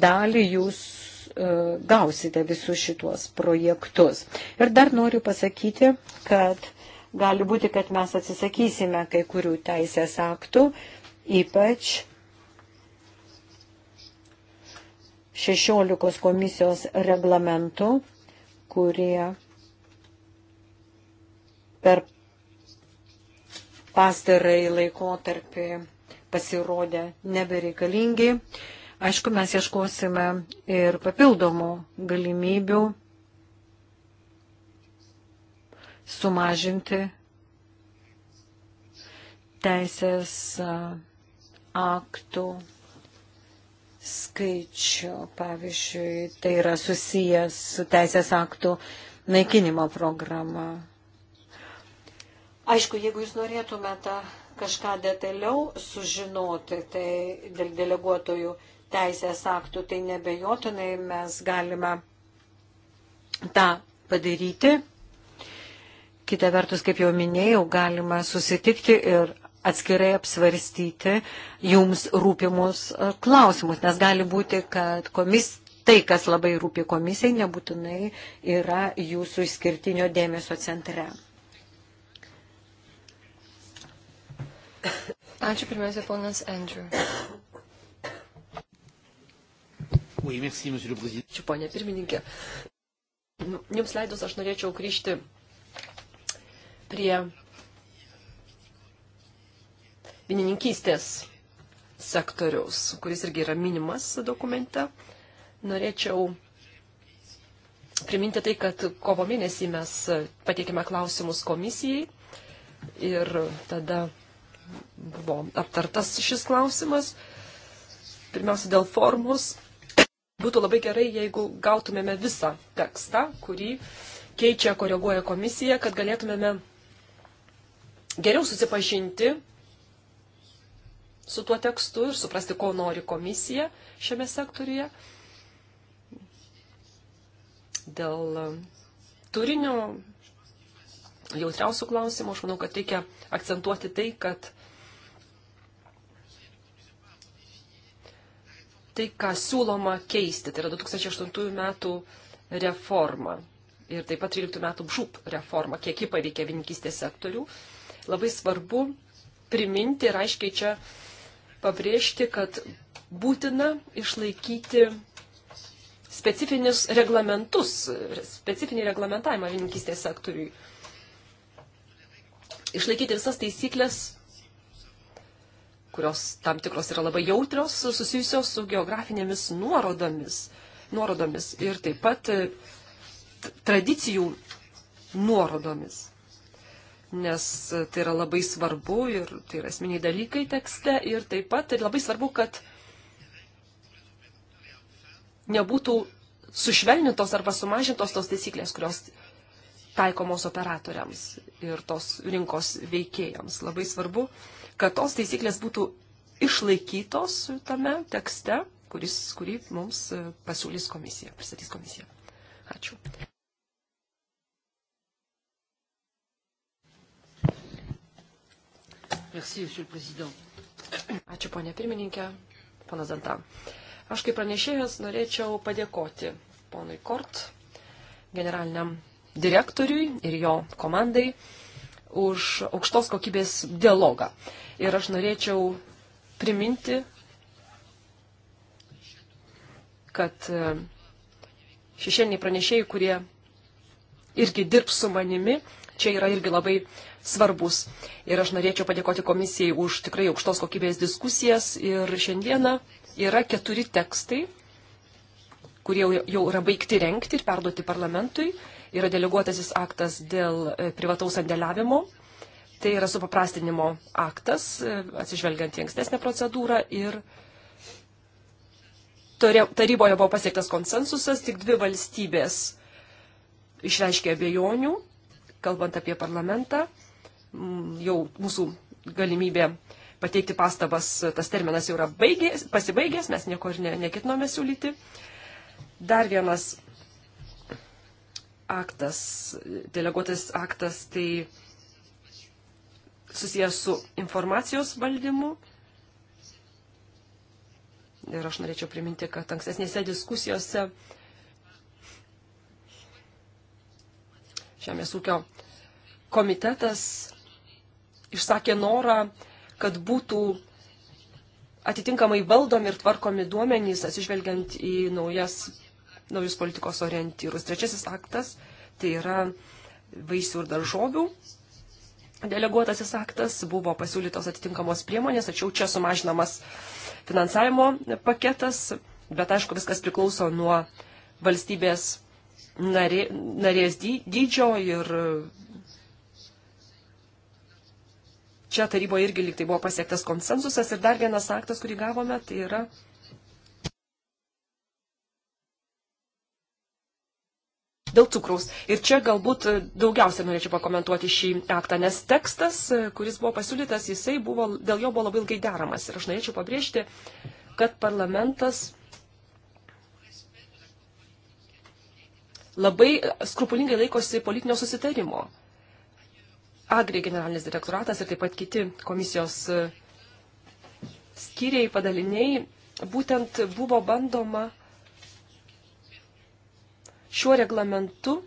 dalį jūs e, gausite visus šitos projektus. Ir dar noriu pasakyti, kad gali būti, kad mes atsisakysime kai kurių teisės aktų, ypač 16 komisijos reglamentų, kurie per pastarąjį laikotarpį pasirodė nebereikalingi. Aišku, mes ieškosime ir papildomų galimybių sumažinti teisės aktų skaičių. Pavyzdžiui, tai yra susijęs su teisės aktų naikinimo programa. Aišku, jeigu jūs norėtumėte kažką detaliau sužinoti, tai dėl deleguotojų teisės aktų, tai nebejotinai mes galime tą padaryti. Kita vertus, kaip jau minėjau, galima susitikti ir atskirai apsvarstyti jums rūpimus e, klausimus, nes gali būti, kad komis, tai, kas labai rūpi komisijai, nebūtinai yra jūsų išskirtinio dėmesio centre. Ačiū pirmiausia, ponas Andrew. Oui, merci, Ačiū, ponė pirmininkė. Nu, jums leidus aš norėčiau grįžti prie vienininkystės sektoriaus, kuris irgi yra minimas dokumente. Norėčiau priminti tai, kad kovo mėnesį mes pateikėme klausimus komisijai ir tada buvo aptartas šis klausimas. Pirmiausia, dėl formos. Būtų labai gerai, jeigu gautumėme visą tekstą, kurį keičia, koreguoja komisija, kad galėtumėme geriau susipažinti su tuo tekstu ir suprasti, ko nori komisija šiame sektoriuje. Dėl turinio jautriausių klausimų, aš manau, kad reikia akcentuoti tai, kad tai, ką siūloma keisti, tai yra 2008 metų reforma ir taip pat 13 metų BŽUP reforma, kiek ji paveikė vininkystės sektorių. Uh, labai svarbu priminti ir aiškiai čia pabrėžti, kad būtina išlaikyti specifinius reglamentus, specifinį reglamentavimą vininkystės sektoriui. Išlaikyti visas taisyklės, kurios tam tikros yra labai jautrios, susijusios su geografinėmis nuorodomis, nuorodomis ir taip pat tradicijų nuorodomis nes tai yra labai svarbu ir tai yra esminiai dalykai tekste ir taip pat ir labai svarbu, kad nebūtų sušvelnintos arba sumažintos tos taisyklės, kurios taikomos operatoriams ir tos rinkos veikėjams. Labai svarbu, kad tos taisyklės būtų išlaikytos tame tekste, kuris, kurį mums pasiūlys komisija, pristatys komisija. Ačiū. Merci, Ačiū, ponė pirmininkė, ponas Dantam. Aš kaip pranešėjas norėčiau padėkoti ponui Kort, generaliniam direktoriui ir jo komandai už aukštos kokybės dialogą. Ir aš norėčiau priminti, kad e, šešėliniai pranešėjai, kurie irgi dirbs su manimi, čia yra irgi labai svarbus. Ir aš norėčiau padėkoti komisijai už tikrai aukštos kokybės diskusijas. Ir šiandieną yra keturi tekstai, kurie jau yra baigti renkti ir perduoti parlamentui. Yra deleguotasis aktas dėl e, privataus sandėliavimo. Tai yra supaprastinimo aktas, e, atsižvelgiant į ankstesnę procedūrą. Ir taryboje buvo pasiektas konsensusas, tik dvi valstybės išreiškė abejonių, kalbant apie parlamentą. Mm, jau mūsų galimybė pateikti pastabas, tas terminas jau yra baigės, pasibaigęs, mes nieko ir ne, neketinome siūlyti. Dar vienas aktas, deleguotas aktas, tai susijęs su informacijos valdymu. Ir aš norėčiau priminti, kad ankstesnėse diskusijose Žemės ūkio komitetas išsakė norą, kad būtų atitinkamai valdomi ir tvarkomi duomenys, atsižvelgiant į naujas, naujus politikos orientyrus. Trečiasis aktas tai yra vaisių ir daržovių. Deleguotasis aktas buvo pasiūlytos atitinkamos priemonės, tačiau čia sumažinamas finansavimo paketas, bet aišku, viskas priklauso nuo valstybės narė, narės dydžio ir čia taryboje irgi liktai buvo pasiektas konsensusas. Ir dar vienas aktas, kurį gavome, tai yra. Dėl cukraus. Ir čia galbūt daugiausia norėčiau pakomentuoti šį aktą, nes tekstas, kuris buvo pasiūlytas, jisai buvo, dėl jo buvo labai ilgai deramas. Ir aš norėčiau pabrėžti, kad parlamentas labai skrupulingai laikosi politinio susitarimo. Agri generalinis direktoratas ir taip pat kiti komisijos e, skyriai, padaliniai, būtent buvo bandoma šiuo reglamentu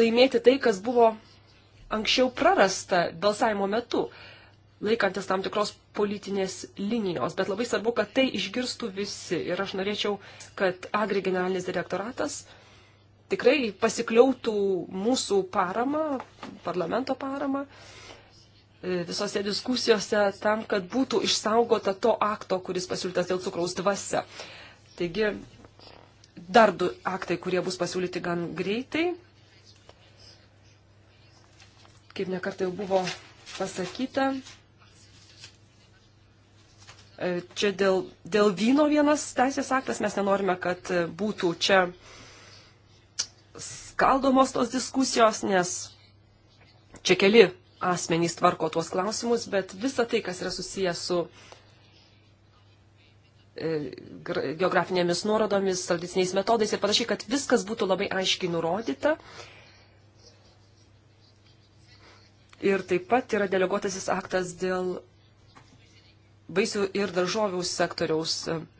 laimėti tai, kas buvo anksčiau prarasta balsavimo metu, laikantis tam tikros politinės linijos. Bet labai svarbu, kad tai išgirstų visi. Ir aš norėčiau, kad Agri generalinis direktoratas tikrai pasikliautų mūsų parama, parlamento parama e, visose diskusijose tam, kad būtų išsaugota to akto, kuris pasiūlytas dėl cukraus dvasia. Taigi, dar du aktai, kurie bus pasiūlyti gan greitai. Kaip nekartai jau buvo pasakyta, e, čia dėl, dėl vyno vienas teisės aktas mes nenorime, kad būtų čia uh, skaldomos tos diskusijos, nes čia keli asmenys tvarko tuos klausimus, bet visa tai, kas yra susijęs su e, geografinėmis nuorodomis, tradiciniais metodais ir panašiai, kad viskas būtų labai aiškiai nurodyta. Ir taip pat yra deleguotasis aktas dėl vaisių ir daržovių sektoriaus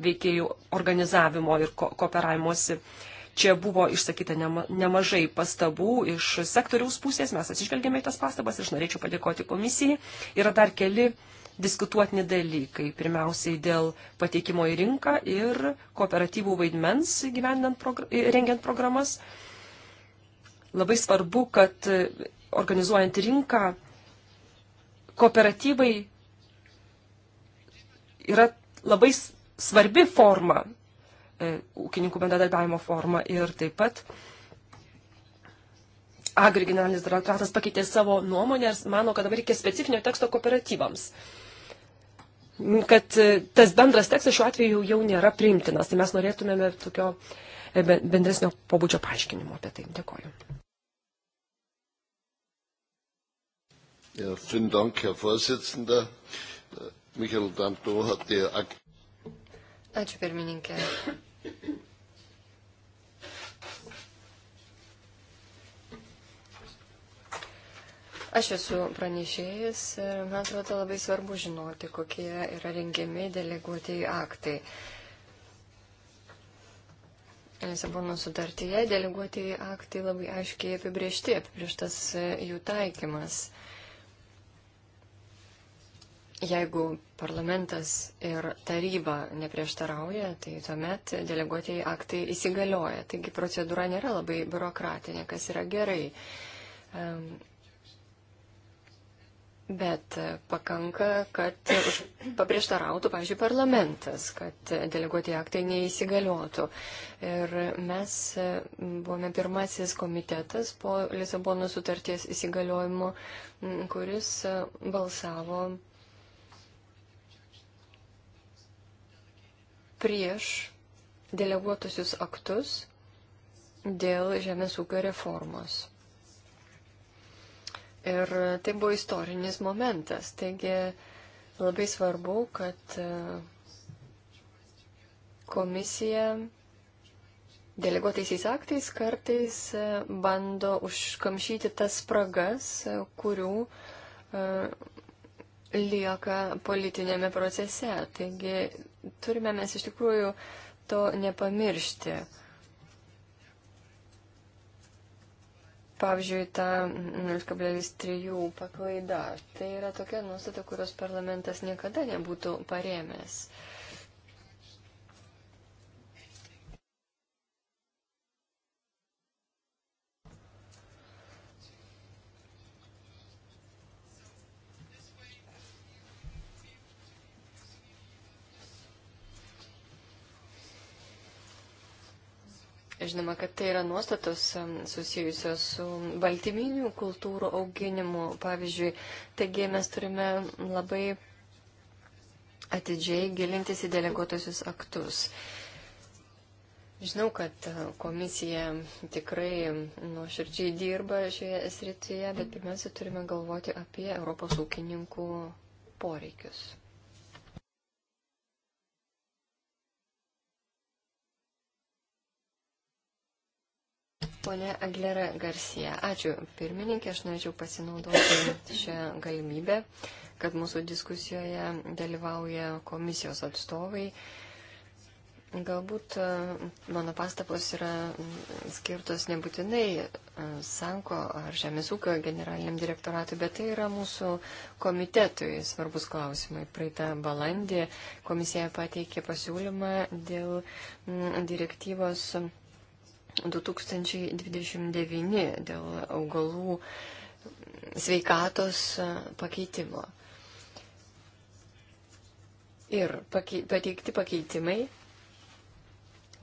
veikėjų organizavimo ir ko kooperavimuose. Ko Čia buvo išsakyta nema, nemažai pastabų iš sektoriaus pusės, mes atsižvelgėme į tas pastabas ir aš norėčiau padėkoti komisijai. Yra dar keli diskutuotini dalykai. Pirmiausiai dėl pateikimo į rinką ir kooperatyvų vaidmens progr rengiant programas. Labai svarbu, kad organizuojant rinką, kooperatyvai yra labai svarbi forma E, ūkininkų bendradarbiavimo forma ir taip pat Agri generalinis direktoratas pakeitė savo nuomonę ir mano, kad dabar reikia specifinio teksto kooperatyvams. Kad e, tas bendras tekstas šiuo atveju jau nėra priimtinas, tai mes norėtumėme tokio e, bendresnio pobūdžio paaiškinimo apie tai. Dėkoju. Ja, vielen Dank, Herr Vorsitzender. Michael Danto hat die Aktien. Ačiū pirmininkė. Aš esu pranešėjas ir man atrodo labai svarbu žinoti, kokie yra rengiami deleguotieji aktai. Lisabono sutartyje deleguotieji aktai labai aiškiai apibriešti, apibrieštas e, jų taikymas. Jeigu parlamentas ir taryba neprieštarauja, tai tuomet deleguotieji aktai įsigalioja. Taigi procedūra nėra labai biurokratinė, kas yra gerai. Bet pakanka, kad paprieštarautų, pavyzdžiui, parlamentas, kad deleguoti aktai neįsigaliotų. Ir mes e, buvome pirmasis komitetas po Lisabono sutarties įsigaliojimo, kuris e, balsavo prieš deleguotusius aktus dėl žemės ūkio reformos. Ir tai buvo istorinis momentas. Taigi labai svarbu, kad e, komisija deleguotaisiais aktais kartais e, bando užkamšyti tas spragas, e, kurių lieka politinėme procese. Taigi turime mes iš tikrųjų to nepamiršti. Pavyzdžiui, ta 0,3 paklaida. Tai yra tokia nuostata, kurios parlamentas niekada nebūtų paremęs. Uh, Žinoma, kad tai yra nuostatos susijusios su baltyminių kultūrų auginimu. Pavyzdžiui, taigi mes turime labai atidžiai gilintis į deleguotusius aktus. Žinau, kad e, komisija tikrai nuoširdžiai dirba šioje srityje, bet pirmiausia turime galvoti apie Europos ūkininkų poreikius. Pone Aglera Garcia, ačiū pirmininkė, aš norėčiau pasinaudoti šią galimybę, kad mūsų diskusijoje dalyvauja komisijos atstovai. Galbūt e, mano pastabos yra skirtos nebūtinai e, Sanko ar Žemės ūkio generaliniam direktoratui, bet tai yra mūsų komitetui svarbus klausimai. Praeitą balandį komisija pateikė pasiūlymą dėl direktyvos 2029 dėl augalų sveikatos pakeitimo. Ir pateikti pakeitimai,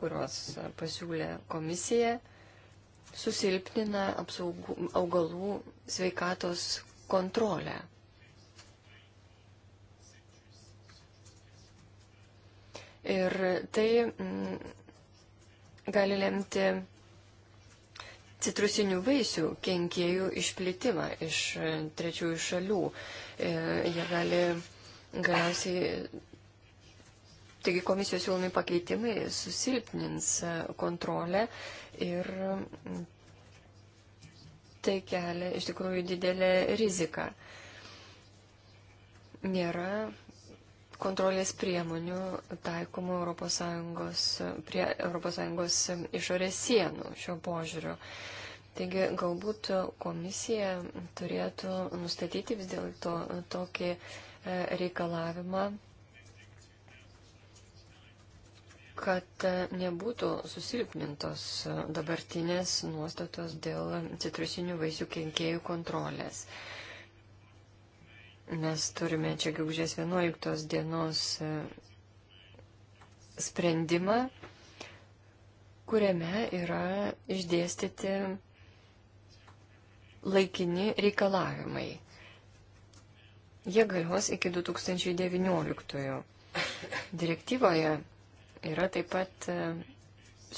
kuriuos pasiūlė komisija, susilpnina apsaugų, augalų sveikatos kontrolę. Ir tai mm, gali lemti citrusinių vaisių kenkėjų išplitimą iš trečiųjų šalių. E, jie gali galiausiai. Taigi komisijos siūlomi pakeitimai susilpnins kontrolę ir tai kelia iš tikrųjų didelę riziką. Nėra kontrolės priemonių taikomų ES, prie ES išorės sienų šio požiūriu. Taigi galbūt komisija turėtų nustatyti vis dėlto tokį e, reikalavimą, kad e, nebūtų susilpnintos dabartinės nuostatos dėl citrusinių vaisių kenkėjų kontrolės. Uh, Mes turime čia gegužės 11 dienos e, sprendimą, kuriame yra išdėstyti laikini reikalavimai. Jie galios iki 2019. Direktyvoje yra taip pat e,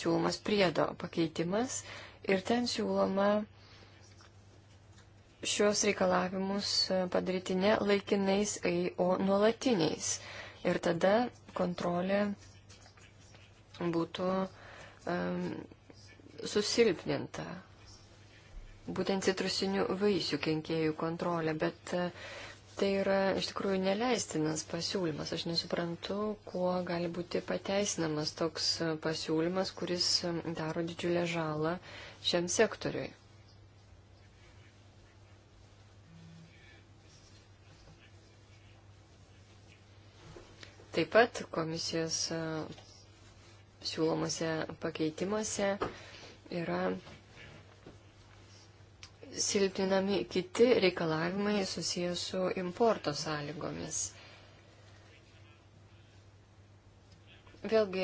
siūlomas priedo pakeitimas ir ten siūloma šios reikalavimus e, padaryti ne laikinais, o nuolatiniais. Ir tada kontrolė būtų um, susilpninta. Būtent citrusinių vaisių kenkėjų kontrolė, bet uh, tai yra iš tikrųjų neleistinas pasiūlymas. Aš nesuprantu, kuo gali būti pateisinamas toks e, pasiūlymas, kuris daro didžiulę žalą šiam sektoriui. Taip pat komisijos e, siūlomose pakeitimuose yra silpninami kiti reikalavimai susijęs su importo sąlygomis. Vėlgi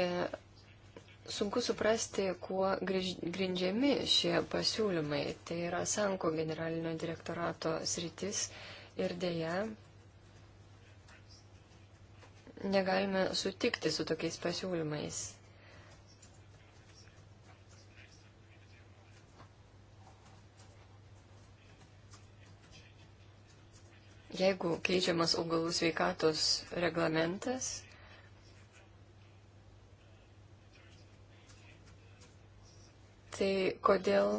sunku suprasti, kuo grindžiami šie pasiūlymai. Tai yra Sanko generalinio direktorato sritis ir dėja negalime sutikti su tokiais pasiūlymais. Jeigu keičiamas augalų sveikatos reglamentas, tai kodėl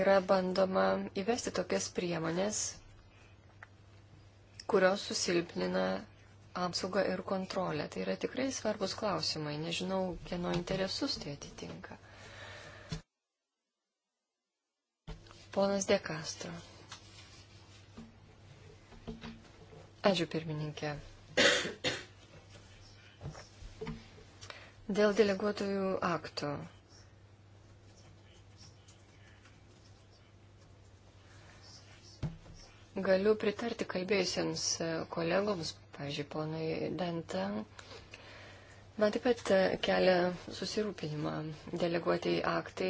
yra bandoma įvesti tokias priemonės, kurios susilpnina apsaugą ir kontrolę. Tai yra tikrai svarbus klausimai. Nežinau, kieno interesus tai atitinka. Ponas De Castro. Ačiū pirmininkė. Dėl deleguotojų aktų Galiu pritarti kalbėjusiems e, kolegoms, pažiūrėjau, ponui Dantą. Man taip pat e, kelia susirūpinimą deleguotieji aktai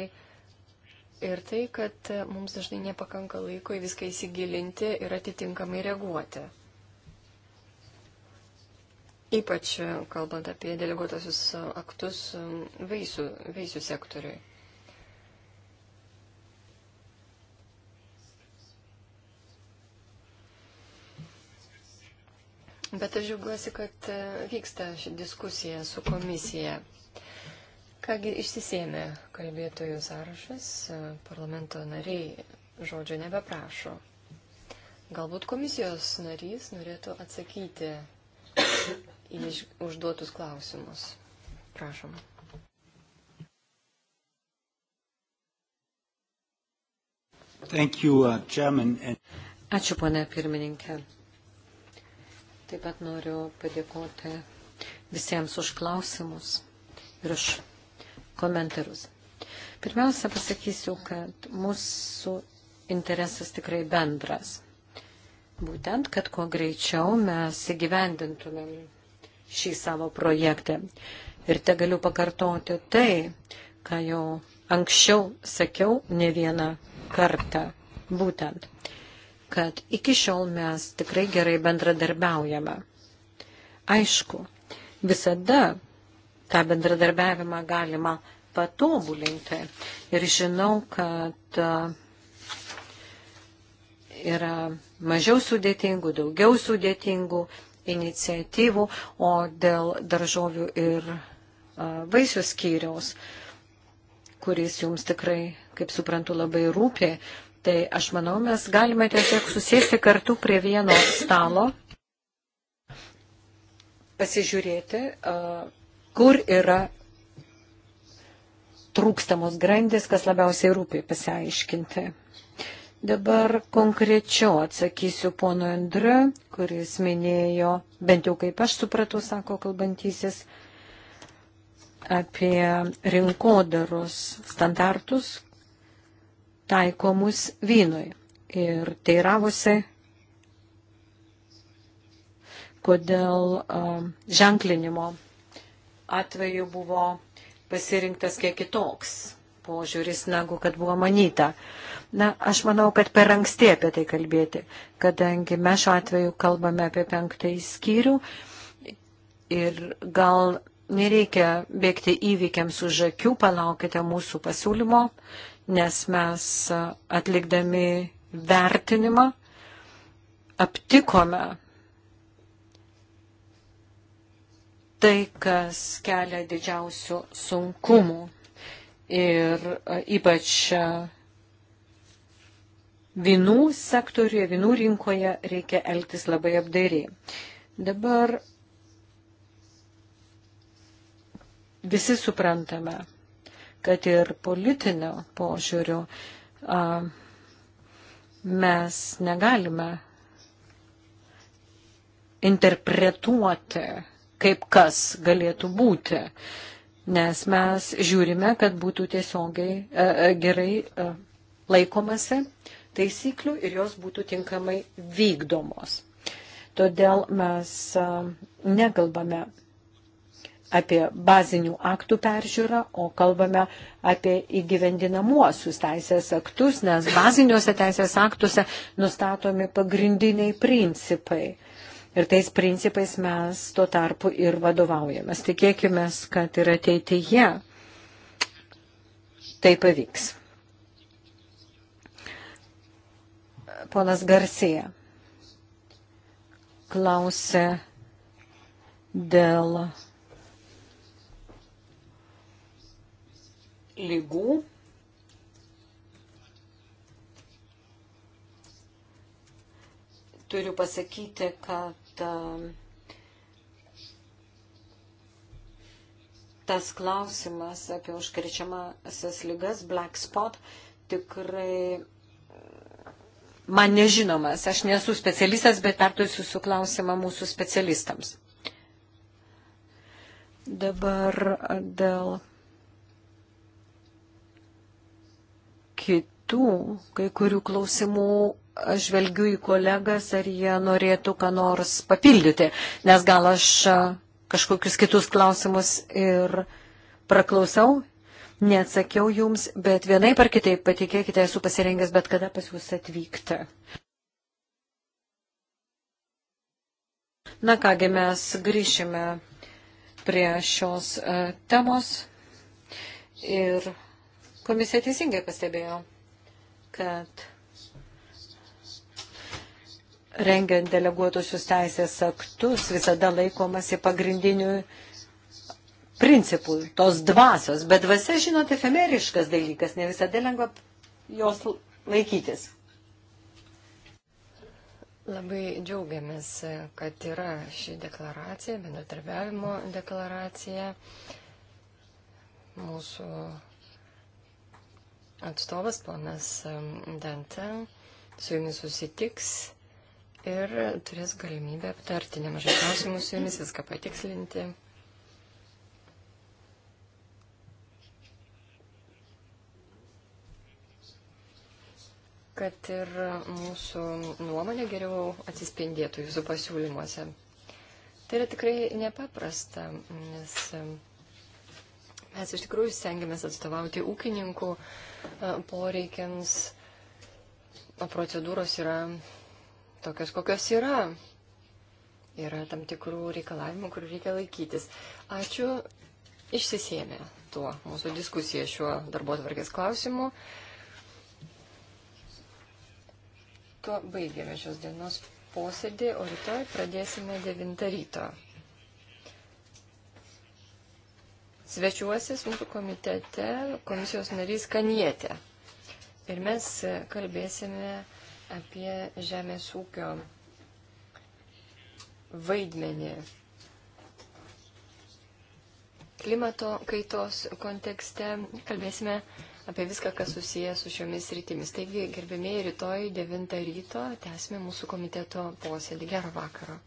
ir tai, kad e, mums dažnai nepakanka laiko į viską įsigilinti ir atitinkamai reaguoti. Ypač kalbant apie deleguotosius aktus vaisių, vaisių sektoriui. Bet aš žiūguosi, kad e, vyksta ši diskusija su komisija. Kągi išsisėmė kalbėtojų sąrašas, e, parlamento nariai žodžio nebeprašo. Galbūt komisijos narys norėtų atsakyti į užduotus klausimus. Prašom. Thank you, uh, Chairman. Ačiū, ponė pirmininkė. Taip pat noriu padėkoti visiems už klausimus ir už komentarus. Pirmiausia, pasakysiu, kad mūsų interesas tikrai bendras. Būtent, kad kuo greičiau mes įgyvendintumėm šį savo projektą. Ir te galiu pakartoti tai, ką jau anksčiau sakiau ne vieną kartą. Būtent, kad iki šiol mes tikrai gerai bendradarbiaujame. Aišku, visada tą bendradarbiavimą galima patobulinti. Ir žinau, kad e, yra mažiau sudėtingų, daugiau sudėtingų iniciatyvų, o dėl daržovių ir e, vaisių skyriaus, kuris jums tikrai, kaip suprantu, labai rūpė, Tai aš manau, mes galime tiesiog susėsti kartu prie vieno stalo, pasižiūrėti, kur yra trūkstamos grandis, kas labiausiai rūpi pasiaiškinti. Dabar konkrečiau atsakysiu pono Andre, kuris minėjo, bent jau kaip aš supratau, sako kalbantysis, apie rinkodaros standartus, taikomus vynui. Ir teiravosi, kodėl ženklinimo atveju buvo pasirinktas kiek kitoks požiūris, negu kad buvo manyta. Na, aš manau, kad per anksti apie tai kalbėti, kadangi mes šiuo atveju kalbame apie penktąjį skyrių ir gal nereikia bėgti įvykiams už akių, palaukite mūsų pasiūlymo nes mes atlikdami vertinimą aptikome tai, kas kelia didžiausių sunkumų ir e, ypač e, vinų sektoriuje, vinų rinkoje reikia elgtis labai apdairiai. Dabar visi suprantame, kad ir politiniu požiūriu a, mes negalime interpretuoti, kaip kas galėtų būti, nes mes žiūrime, kad būtų tiesiogiai a, a, gerai a, laikomasi taisyklių ir jos būtų tinkamai vykdomos. Todėl mes negalbame apie bazinių aktų peržiūrą, o kalbame apie įgyvendinamuosius teisės aktus, nes baziniuose teisės aktuose nustatomi pagrindiniai principai. Ir tais principais mes tuo tarpu ir vadovaujamės. Tikėkime, kad ir ateityje tai pavyks. Ponas Garsija klausė dėl lygų. Turiu pasakyti, kad e, tas klausimas apie užkrečiamasias lygas, black spot, tikrai man nežinomas. Aš nesu specialistas, bet perduosiu su klausimą mūsų specialistams. Dabar dėl kitų kai kurių klausimų aš žvelgiu į kolegas, ar jie norėtų ką nors papildyti, nes gal aš kažkokius kitus klausimus ir praklausau, neatsakiau jums, bet vienai par kitaip patikėkite, esu pasirengęs bet kada pas jūs atvykti. Na kągi, mes grįšime prie šios e, temos ir Komisija teisingai pastebėjo, kad rengiant deleguotusius teisės aktus visada laikomasi pagrindinių principų, tos dvasios. Bet dvasia, žinot, efemeriškas dalykas, ne visada lengva jos laikytis. Labai džiaugiamės, kad yra ši deklaracija, bendradarbiavimo deklaracija. Mūsų atstovas, ponas Dante, su jumis susitiks ir turės galimybę aptarti nemažai klausimų su jumis, viską patikslinti. kad ir mūsų nuomonė geriau atsispindėtų jūsų pasiūlymuose. Tai yra tikrai nepaprasta, nes Mes iš tikrųjų stengiamės atstovauti ūkininkų e, poreikiams, o procedūros yra tokios, kokios yra. Yra tam tikrų reikalavimų, kur reikia laikytis. Ačiū, išsisėmė tuo mūsų diskusija šiuo darbo tvarkės klausimu. Tuo baigėme šios dienos posėdį, o rytoj pradėsime 9 ryto. svečiuosis mūsų komitete komisijos narys Kanietė. Ir mes kalbėsime apie žemės ūkio vaidmenį klimato kaitos kontekste. Kalbėsime apie viską, kas susijęs su šiomis rytimis. Taigi, gerbėmiai, rytoj 9 ryto tęsime mūsų komiteto posėdį. Gerą vakarą.